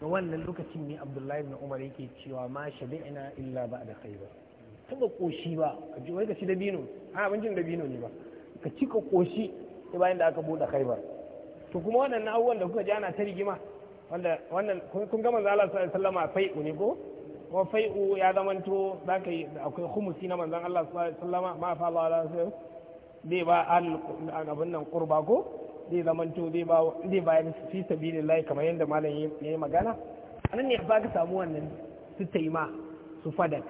daga wannan lokacin ne abdullahi ibn umar yake cewa ma shabi'na illa ba da khaiba taba koshi ba ka ji wai ka ci dabino a abincin dabino ne ba ka ci ka koshi sai bayan da aka bude khaibar to kuma wannan abubuwan da kuka ji ana ta rigima wanda wannan kun ga manzo Allah sallallahu fai'u ne ko wa fai'u ya zamanto zaka yi akwai khumusi na manzon Allah sallallahu alaihi wasallam ma fa Allah bai ba al abin nan qurba ko zai zamanto zai bayar fi lai kamar yadda malam ya yi magana anan ne ba ka samu wannan su taima su fadak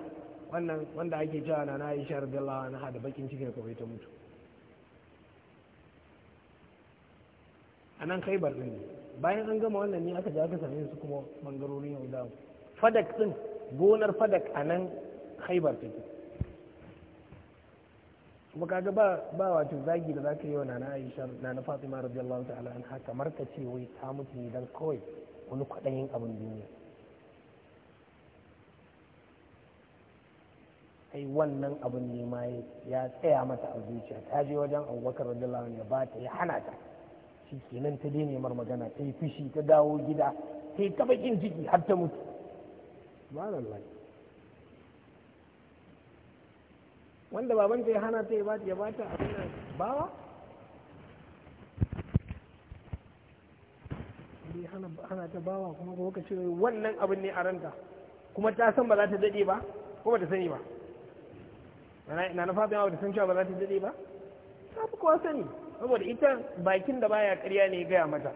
wannan wanda ake cewa na Aisha radiyallahu anha da bakin cikin kawai ta mutu anan kai barin ne bayan an gama wannan ne aka je aka same su kuma bangarorin yau da fadak din gonar fadak a anan khaibar take kuma kaga ba ba wato zagi da zaka yi wa nana Aisha nana Fatima radiyallahu ta'ala anha kamar ka ce wai ta mutu ne dan kawai wani kwaɗayin abin duniya ai wannan abin ne ma ya tsaya mata a zuciya ta je wajen abubakar radiyallahu anhu ya ba ta ya hana ta shi kenan ta daina mar magana ta yi fushi ta dawo gida ta yi ta bakin ciki har ta mutu subhanallah wanda babanta ya hana ta ya bata a wannan bawa ya hana ta bawa kuma ko ka cire wannan abin ne a ranta kuma ta san ba za ta dade ba ko ba ta sani ba na na fafiya ba ta san cewa ba za ta dade ba ta fi kowa sani saboda ita bakin da baya karya ne gaya mata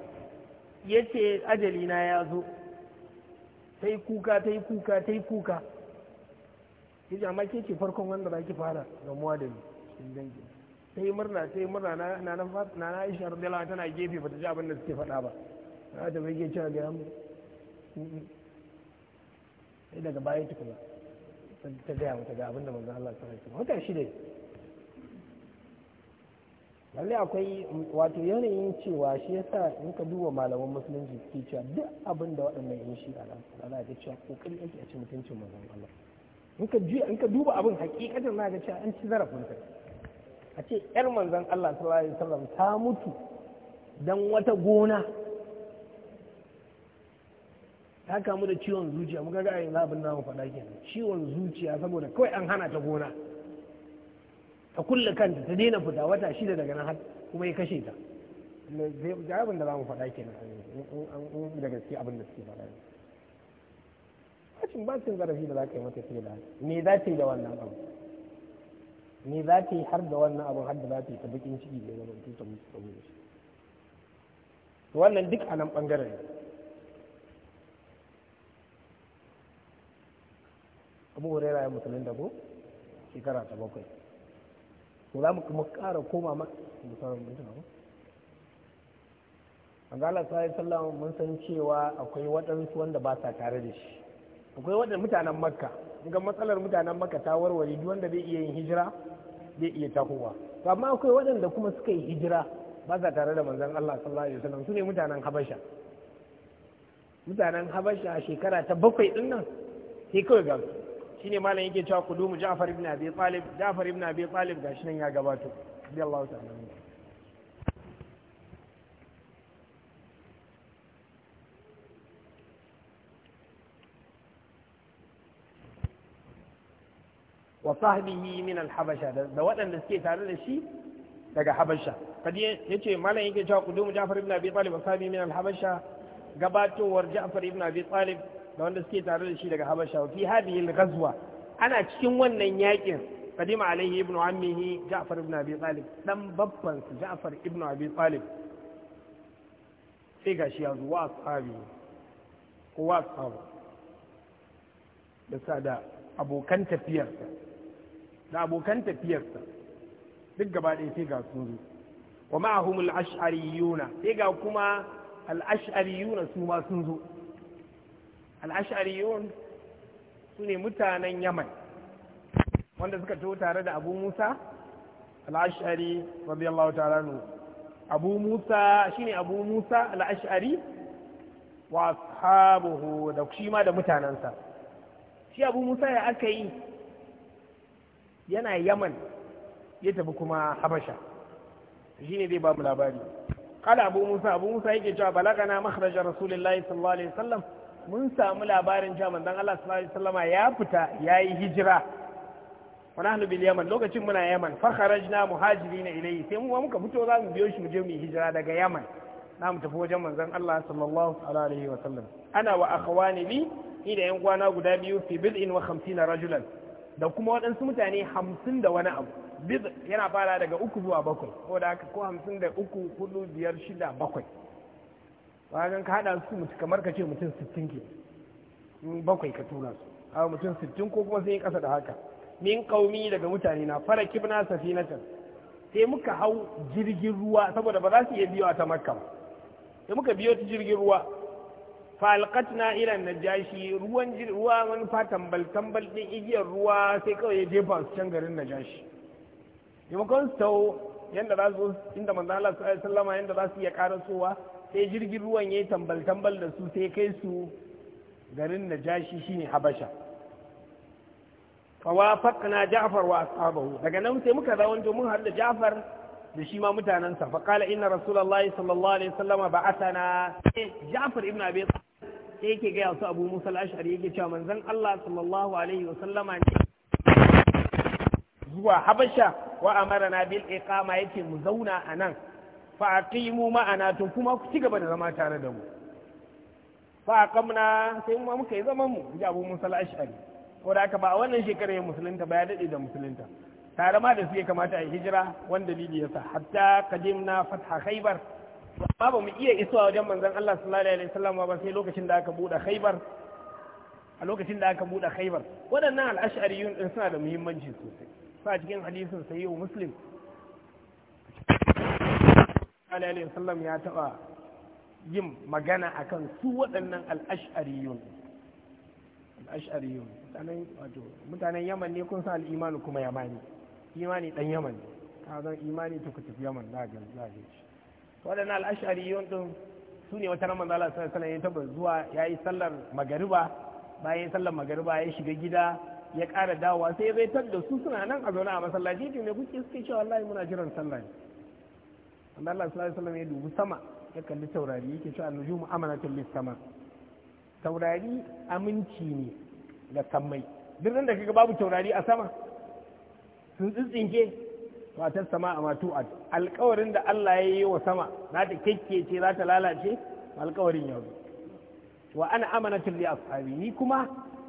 ya ce ajali na ya zo ta yi kuka ta yi kuka ta yi kuka shi ne amma ke farkon wanda za ki fara muwa da ni cikin dangi ta yi murna ta yi murna na na na na Aisha radiyallahu tana gefe bata ji abin da suke faɗa ba na ta bai ke cewa ga mu sai daga baya tukuna ta gaya mata ga abin da Allah ta rike wata ne lalle akwai wato yanayin cewa shi yasa in ka duba malaman musulunci ke cewa duk abin da waɗannan yin shi a ranar ana ta cewa kokari ake a ci mutuncin manzon Allah in ka duba abin hakikatin na ga cewa an ci zarafin ta a ce yar manzon Allah sallallahu alaihi wasallam ta mutu dan wata gona ta kamu da ciwon zuciya muka ga yanzu labin na mu faɗa kenan ciwon zuciya saboda kawai an hana ta gona ta kulle kanta ta daina fita wata shida daga nan kuma ya kashe ta abin da za mu faɗa kenan daga gaske abin da suke faɗa rashin ba cin zarafi da za ka yi mata ke da me za ta yi da wannan abu me za ta yi har da wannan abu har da za ta yi ta bakin ciki da zama ta mutu ta mutu wannan duk a nan bangaren abu hurera ya musulun da ko shekara ta bakwai to za mu kuma ƙara koma da sauran mutum abu a galar sa'ayi sallama mun san cewa akwai waɗansu wanda ba sa tare da shi akwai wadda mutanen makka ga matsalar mutanen makka ta warware duk wanda zai iya yin hijira zai iya tahowa to amma akwai waɗanda kuma suka yi hijira ba sa tare da manzon Allah sallallahu alaihi wasallam su ne mutanen Habasha mutanen Habasha shekara ta bakwai din nan sai kawai ga shine malam yake cewa kudumu Ja'far ibn Abi Talib Ja'far ibn Abi Talib gashi nan ya gabato radiyallahu ta'ala وصاحبه من الحبشة ده وطن ده سكي تارد لك حبشة فدي يتشي مالا ينكي جاو قدوم جعفر ابن أبي طالب وصاحبه من الحبشة قباتو ور جعفر ابن أبي طالب ده وطن ده سكي تارد الشي حبشة وفي هذه الغزوة أنا تشنون نياكي قديم عليه ابن عمه جعفر ابن أبي طالب لم ببن جعفر ابن أبي طالب في غشي أزواء صحابي قوات صحابه بس هذا أبو كان تفير da abokan tafiyarsa duk gaba ɗaya sai ga sun zo wa ma'ahum al-ash'ariyuna sai ga kuma al-ash'ariyuna su ma sun zo al-ash'ariyun su ne mutanen yaman wanda suka to tare da abu musa al-ash'ari radiyallahu ta'ala nu abu musa shine abu musa al-ash'ari wa ashabuhu da shi ma da mutanansa shi abu musa ya aka yi yana yaman ya tafi kuma habasha shi ne zai ba mu labari kala abu musa abu musa yake cewa balagana makharaja rasulullahi sallallahu alaihi wasallam mun samu labarin cewa manzon Allah sallallahu alaihi wasallama ya fita yayi hijira wa nahnu bil yaman lokacin muna yaman fa kharajna muhajirin ilayhi sai mu muka fito za mu biyo shi mu je mu hijira daga yaman na mu tafi wajen manzon Allah sallallahu alaihi wasallam ana wa akhwani li ni da yan uwana guda biyu fi bid'in wa 50 rajulan da kuma waɗansu mutane hamsin da wani abu bid yana fara daga uku zuwa bakwai ko da ko hamsin da uku hudu biyar shida bakwai wajen ka haɗa su mutu kamar ka ce mutum sittin ke bakwai ka tura su a mutum sittin ko kuma sai ƙasa da haka min kaumi daga mutane na fara kibna safinatan sai muka hau jirgin ruwa saboda ba za su iya biyo a ta makka ba sai muka biyo ta jirgin ruwa falqatna ila najashi ruwan ruwa wani tambal tambal din igiyar ruwa sai kawai ya jefa su can garin najashi maimakon su tau yanda za su inda manzo Allah sallallahu alaihi wasallam yadda za su iya karasowa sai jirgin ruwan yayi tambal tambal da su sai kai su garin najashi shine habasha fawafaqna ja'far wa ashabahu daga nan sai muka zawanto mun haɗu da ja'far da shi ma mutanensa fa qala inna rasulullahi sallallahu alaihi wasallam ba'athana ja'far ibn abi sai yake gaya su abu musa al'ashari yake cewa manzon Allah sallallahu alaihi wa sallama ne zuwa habasha wa amarana bil iqama yake mu zauna a nan fa aqimu ma'ana to kuma ku ci gaba da zama tare da mu fa aqamna sai mu muka yi zaman mu ji abu musa al'ashari ko da aka ba wannan shekarar ya musulunta ba ya dade da musulunta tare ma da su ya kamata a yi hijira wanda dalili yasa hatta qadimna fatha khaybar ba ba mu iya isuwa wajen manzan Allah sallallahu alaihi wasallam ba sai lokacin da aka buɗe Khaibar a lokacin da aka buɗe Khaibar waɗannan al-Ash'ariyun din suna da muhimmanci sosai sa cikin hadisin sahih Muslim alaihi wasallam ya taba yin magana akan su waɗannan al-Ash'ariyun al-Ash'ariyun mutanen wato mutanen Yaman ne kun sa al-imanu kuma Yamani imani dan Yaman ne ka zan imani to ku tafi Yaman na ga zai waɗannan al'ashari yawan ɗin su ne wata ramar zala sallar sanayi ta taɓa zuwa ya yi sallar magariba bayan sallar magariba ya shiga gida ya ƙara dawowa sai ya zaitar da su suna nan a zaune a masallaci ne ne kuke suke cewa wallahi muna jiran sallah ne wanda Allah sallallahu alaihi wasallam ya dubi sama ya kalli taurari yake cewa nujumu amanatul lis sama taurari aminci ne ga sammai duk da kaga babu taurari a sama sun tsintsinke fatar sama a a alkawarin da Allah ya yi wa sama za ta ce za ta lalace alkawarin yau wa ana amanatin da ya ni kuma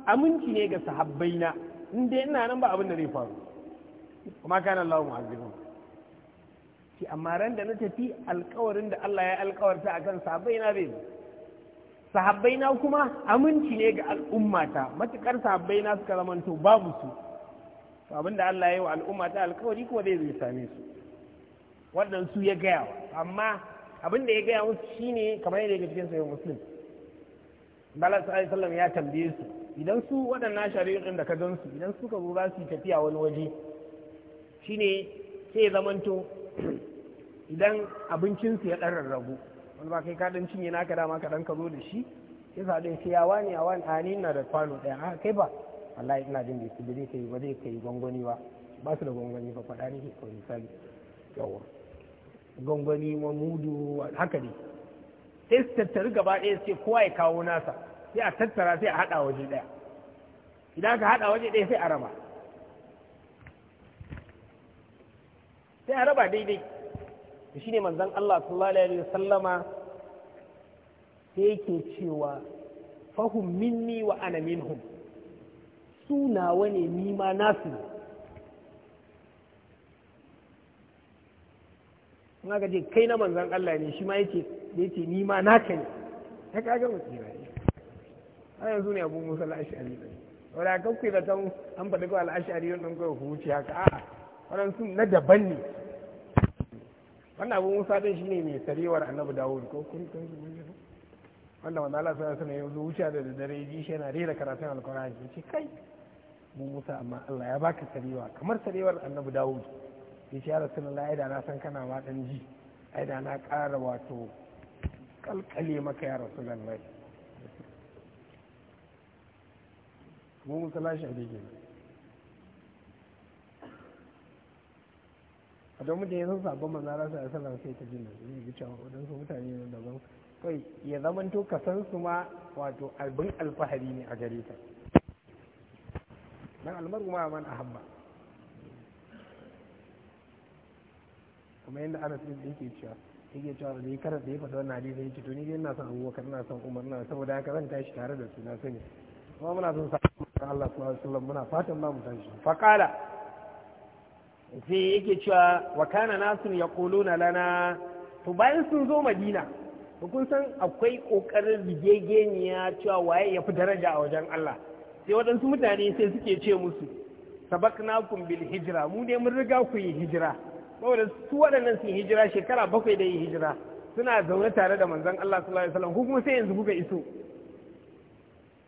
aminci ne ga sahabbaina na inda ina nan ba abin da zai faru kuma Allah mu mu'azzibun shi amma ran da na tafi alkawarin da Allah ya alkawarta akan sahabbaina zai sahabbaina kuma aminci ne ga al'ummata matukar sahabbaina suka zamanto babu su to abinda Allah ya yi wa al'umma ta alkawari ko zai zai same su wannan ya gaya amma abinda ya gaya musu shine kamar yadda yake cikin sahih muslim bala Sallam ya tambaye su idan su waɗannan shari'in da ka gan su idan suka zo za su yi tafiya wani waje shine sai zamanto idan abincinsu ya ɗan rarrabu wani ba kai kaɗan cinye naka dama ka ɗan ka zo da shi ya sa ɗaya ce a wani a wani na da kwano ɗaya a kai ba wallahi ina jin bai zai kai ba zai kai gwangwani ba ba su da gwangwani ba faɗa ne ko misali yawa gwangwani ma mudu haka ne sai su tattaru gaba ɗaya su ce kowa ya kawo nasa sai a tattara sai a haɗa waje ɗaya idan ka haɗa waje ɗaya sai a raba sai a raba daidai da shine manzon Allah sallallahu alaihi wasallama sai yake cewa fahum minni wa ana minhum su wane ne nima nasu ne aka kai na manzan Allah ne shi ma yake da yake nima naka ne ta kaga mutum ne a yanzu ne abu musa al'ashari ne wadda kan da ta an faɗi kawai al'ashari yau ɗan kawai huci haka a'a waɗansu na daban ne wannan abu musa ɗin shi ne mai sarewar annabi dawud ko kun kan su kun wanda wanda Allah sallallahu alaihi yau ya zo da dare ji shi yana rera karatun alqur'ani ce kai mun Musa amma Allah ya baka sarewa kamar sarewar annabi Dawud ya ce yara Rasulullah ai da na san kana ma dan ji ai da na ƙara wato kalkale maka ya Rasulullah mun musa lashe da ke a don mutane sun sabon manzara su a sallar sai ta jina da zai ga cewa waɗansu mutane ne daban kai ya zamanto ka san su ma wato abin alfahari ne a gare ta dan almaru ma man ahabba kuma yadda anas da yake cewa yake cewa da yi karanta ya fata wannan hadisi yake to ni dai ina son abubakar ina son umar ina saboda haka zan tashi tare da su na sani kuma muna son sa Allah subhanahu wa ta'ala muna fatan ba mu tashi fa qala sai yake cewa wa kana nasun yaquluna lana to bayan sun zo madina to kun san akwai kokarin bigegeniya cewa waye ya fi daraja a wajen Allah sai waɗansu mutane sai suke ce musu sabak na bil hijira mu ne mun riga ku yi hijira saboda su waɗannan sun hijira shekara bakwai da yi hijira suna zaune tare da manzon Allah sallallahu alaihi wasallam kuma sai yanzu kuka iso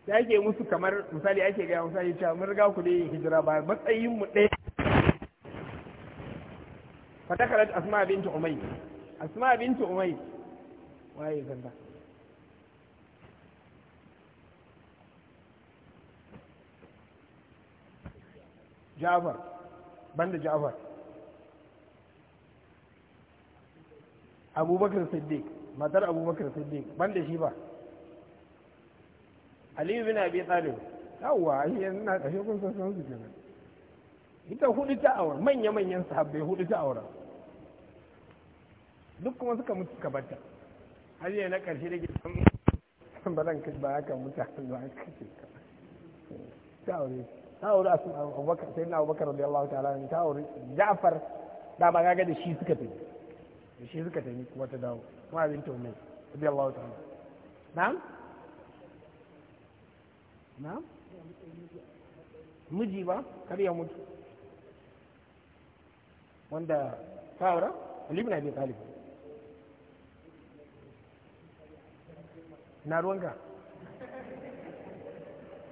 sai ake musu kamar misali ake gaya misali cewa mun riga ku yi hijira ba matsayin mu ɗaya fatakarat asma bint umay asma bint umay waye zanda jafar banda jafar abubakar siddiq matar abubakar siddiq banda shi ba aliyu bin abi talib yawwa ai yanzu na kashe kun san san su kenan ita hudu ta aure manya manyan sahabbai hudu ta aure duk kuma suka mutu suka batta har yi na karshe da ke san <laughs> ba zan ba haka mutane ba haka ce ta aure ta auri abubakar sai na abubakar radiyallahu ta'ala ta auri ja'afar da ba gaga da shi suka tafi da shi suka tafi kuma ta dawo kuma abin ta taumai radiyallahu ta'ala na'am na'am miji ba kar ya mutu wanda ta aura na ibn Abi Talib na ruwanka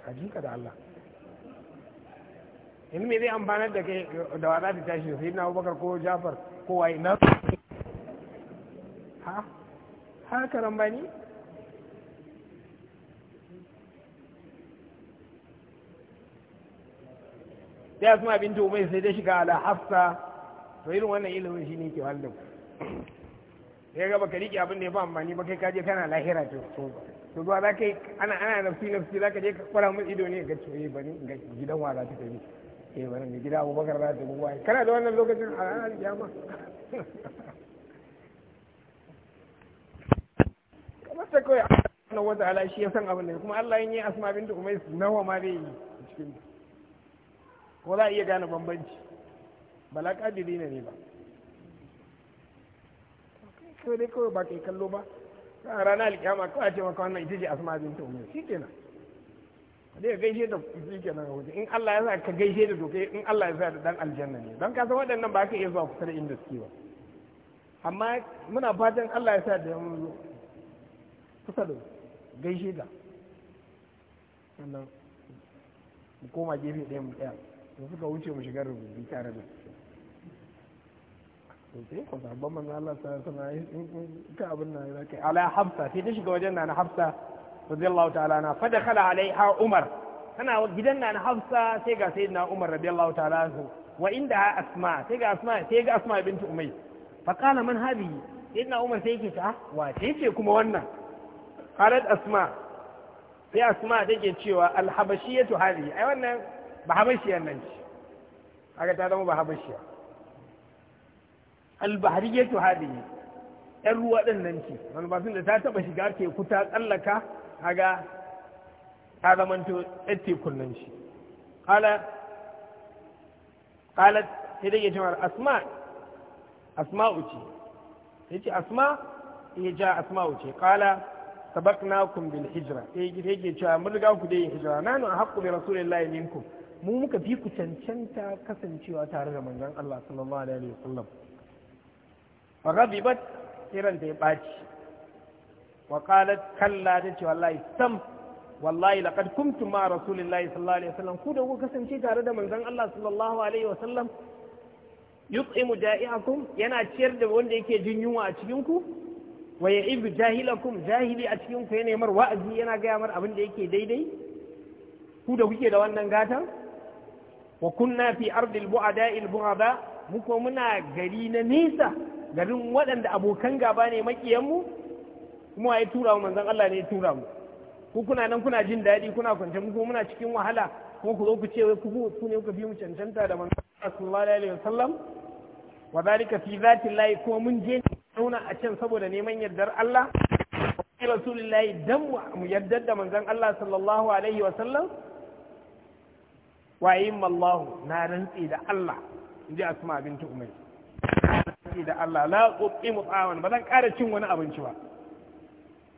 hajinka da Allah In me zai amfanar da kai da wa za ta tashi sai na abubakar ko jafar ko waye na ha har karan bani sai ma binta umai sai ta shiga ala hafsa to irin wannan ilimin shi ne ke wallon sai ga baka riƙe abin da ya fi amfani ba kai kaje kana lahira to to ba za ka yi ana ana nafsi nafsi za ka je ka kwara mun ido ne eh, ga cikin gidan wa za ta tafi eh bari ne gida abubakar za ta buwa kana da wannan lokacin a ranar kiyama kamar ta kawai Allah wata ala shi ya san abin da kuma Allah yin yi asma bin da umais nawa ma zai yi cikin ko za a iya gane bambanci bala kadiri ne ba sai dai kawai ba kai kallo ba ranar alkiyama kawai ce maka wannan ita ce asma bin ta umais shi kenan zai gaishe da shi ke nan wuce in Allah ya sa ka gaishe da doka in Allah ya sa da dan aljanna ne don ka san waɗannan ba ka iya zuwa kusa da inda suke ba amma muna fatan Allah ya sa da mu zo kusa da gaishe da sannan mu koma gefe ɗaya mu tsaya da suka wuce mu shigar rubutu tare da su sai ku sabon manzo Allah sallallahu alaihi in ka abin nan zaka ala hafsa sai ta shiga wajen na hafsa radiyallahu ta'ala na fa dakhala alaiha umar tana gidan na hafsa sai ga wa inda asma sai da ta taba shiga ta tsallaka kaga ta to tsitti kunnan shi kala kala sai dai ya ce asma asma'u ce ya ce asma ya ja asma'u ce kala sabaqnakum bil hijra sai eh, yake cewa mun riga ku da yin hijra nanu haqqu da rasulullahi minkum mu muka fi ku cancanta kasancewa tare da manzon Allah sallallahu alaihi wasallam fa bat iran ta ya baci wa qalat kalla ta ce wallahi sam wallahi laqad kuntum ma sallallahu alaihi wasallam ku da ku kasance tare da manzon Allah sallallahu alaihi wasallam yut'imu ja'iakum yana ciyar da wanda yake jin yunwa a cikin ku wa ya'ibu jahilakum jahili a cikin ku yana yamar wa'azi yana gaya yamar abin da yake daidai ku da kuke da wannan gatan wa kunna fi ardil bu'ada'i al-bu'ada mu kuma muna gari na nisa garin waɗanda abokan gaba ne makiyan mu kuma ya tura mu manzon Allah ne ya tura mu ku kuna nan kuna jin daɗi kuna kwance mu kuma muna cikin wahala kuma ku zo ku ce wai ku ku ne kuka fi mu cancanta da manzon Allah sallallahu alaihi wasallam wa zalika fi zati llahi kuma mun je nuna a can saboda neman yardar Allah rasulillahi dan mu yardar da manzon Allah sallallahu alaihi wasallam wa yin mallahu na rantsi da Allah in ji asma bintu umar rantsi da Allah la ƙoƙi mutsawan ba zan ƙara cin wani abinci ba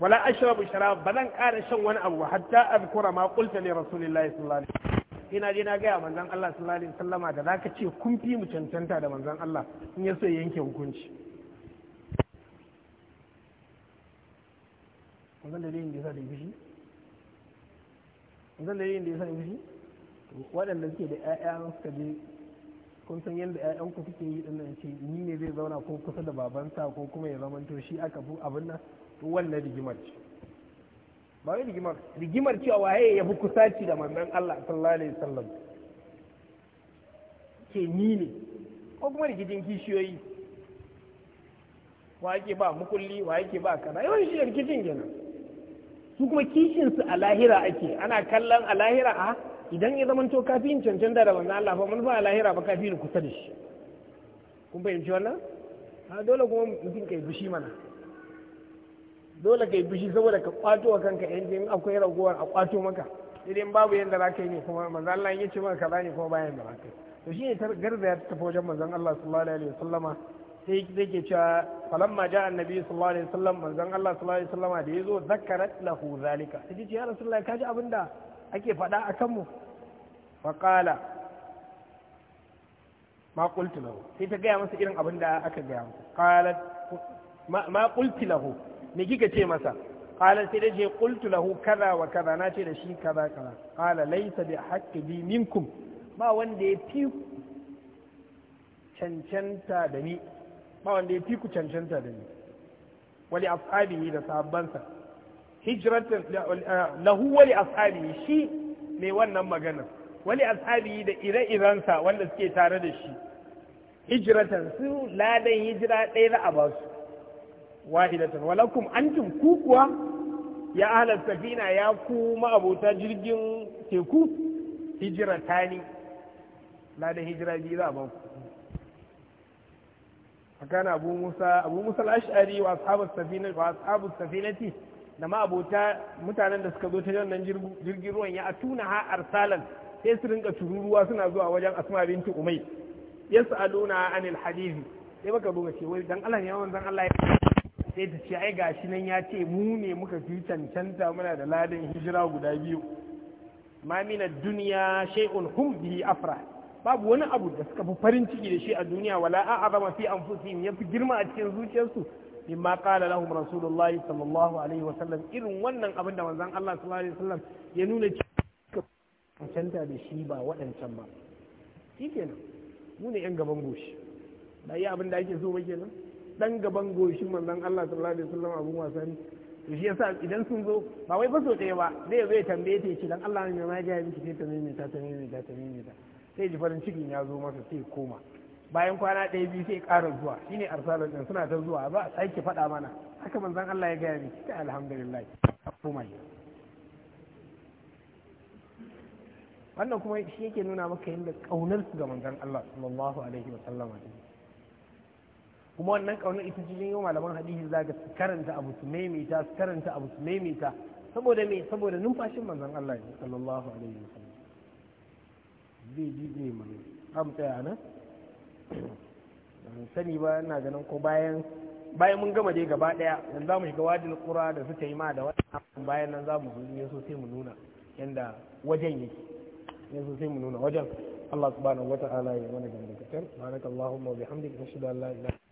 wala ashrabu sharab ba zan ƙara shan wani abu hatta azkura ma qulta li rasulillahi sallallahu alaihi wasallam ina je na gaya manzan Allah sallallahu alaihi wasallama da zaka ce kun fi mu cancanta da manzan Allah in ya so yanke hukunci wannan dalilin da yasa da fushi wannan dalilin da yasa da fushi waɗanda suke da ƴaƴan suka je kun san yadda ƴaƴan ku suke yi dinnan ce ni ne zai zauna ko kusa da babansa ko kuma ya zamanto shi aka bu abin nan to wannan rigimar ce ba wai rigimar rigimar cewa waye ya fi kusaci da manzon Allah sallallahu alaihi wasallam ke ni ne ko kuma rigidin kishiyoyi wa yake ba mukulli wa yake ba kana yawan shi rikicin kenan su kuma kishin su a lahira ake ana kallon a lahira a idan ya zama to kafin cancanta da manzon Allah fa mun ba a lahira ba kafin kusa da shi kun fahimci wannan dole kuma mutum kai fushi mana dole ka yi fushi saboda ka kwato wa kanka yanci in akwai ragowar a kwato maka idan babu yadda za ka yi ne kuma manzo Allah ya ce maka kaza ne kuma bayan da za to shine ta garzaya ta tafi wajen manzon Allah sallallahu alaihi wasallama sai yake cewa falamma ja annabi sallallahu alaihi wasallam manzon Allah sallallahu alaihi wasallama da yazo zakarat lahu zalika sai ce ya rasulullahi kaji abinda ake faɗa akan mu fa qala ma qultu lahu sai ta gaya masa irin abinda aka gaya masa qalat ma qulti lahu me kika ce masa qala sai dace qultu lahu kaza wa kaza na ce da shi kaza kaza qala laysa bi haqqi bi minkum ba wanda ya fi cancanta da ni ba wanda ya fi ku cancanta da ni wali ashabihi da sahabbansa hijratan eh, lahu wali ashabihi shi mai wannan magana wali ashabihi da ire-irensa wanda suke tare da shi hijratan su ladan hijira ɗaya za a ba su wahidatan walakum antum ku kuwa ya ahla safina ya ku ma'abota jirgin teku hijratani Na da hijira biyu za a ku fakana abu musa abu musa al-ash'ari wa ashabu safina wa ashabu safinati da ma'abota mutanen da suka zo ta wannan jirgin ruwan ya atuna ha arsalan sai su rinka tururuwa suna zuwa wajen asma binti umay yas'aluna anil hadisi sai baka buga ce wai dan Allah ne yawan dan Allah ya sai ta ce ai gashi nan ya ce mu ne muka fi cancanta muna da ladin hijira guda biyu ma mina duniya shay'un hum bihi afra babu wani abu da suka fi farin ciki da shi a duniya wala azama fi anfusihim yafi girma a cikin zuciyarsu mimma qala lahum rasulullah sallallahu alaihi wa sallam irin wannan abin da manzon Allah sallallahu alaihi wa sallam ya nuna cancanta da shi ba waɗancan ba shikenan mu ne yan gaban goshi da yi abin da ake so ba kenan dan gaban goshin manzon Allah sallallahu alaihi wasallam abu wasa to shi yasa idan sun zo ba wai ba so tsaye ba zai zo tambaye ta shi dan Allah ne ma ya miki sai ta maimaita ta maimaita ta maimaita sai ji farin cikin ya zo masa sai koma bayan kwana ɗaya biyu sai ƙara zuwa shine arsalan din suna ta zuwa ba a sake faɗa mana haka manzon Allah ya gaya miki ta alhamdulillah koma wannan kuma shi yake nuna maka yadda kaunar su ga manzon Allah sallallahu alaihi wa sallama kuma wannan kaunar ita cikin yau malaman hadisi za ka karanta abu su maimaita su karanta abu su maimaita saboda me saboda numfashin manzon Allah ne sallallahu alaihi wasallam zai ji zai mai abu tsaya nan sani ba ina ganin ko bayan bayan mun gama dai gaba daya yanzu za mu shiga wadin kura da suka yi ma da wannan bayan nan za mu zo so sai mu nuna yanda wajen yake yanzu sai mu nuna wajen Allah subhanahu wata'ala ya mana gamdakatar subhanakallahumma wa bihamdika ashhadu an la ilaha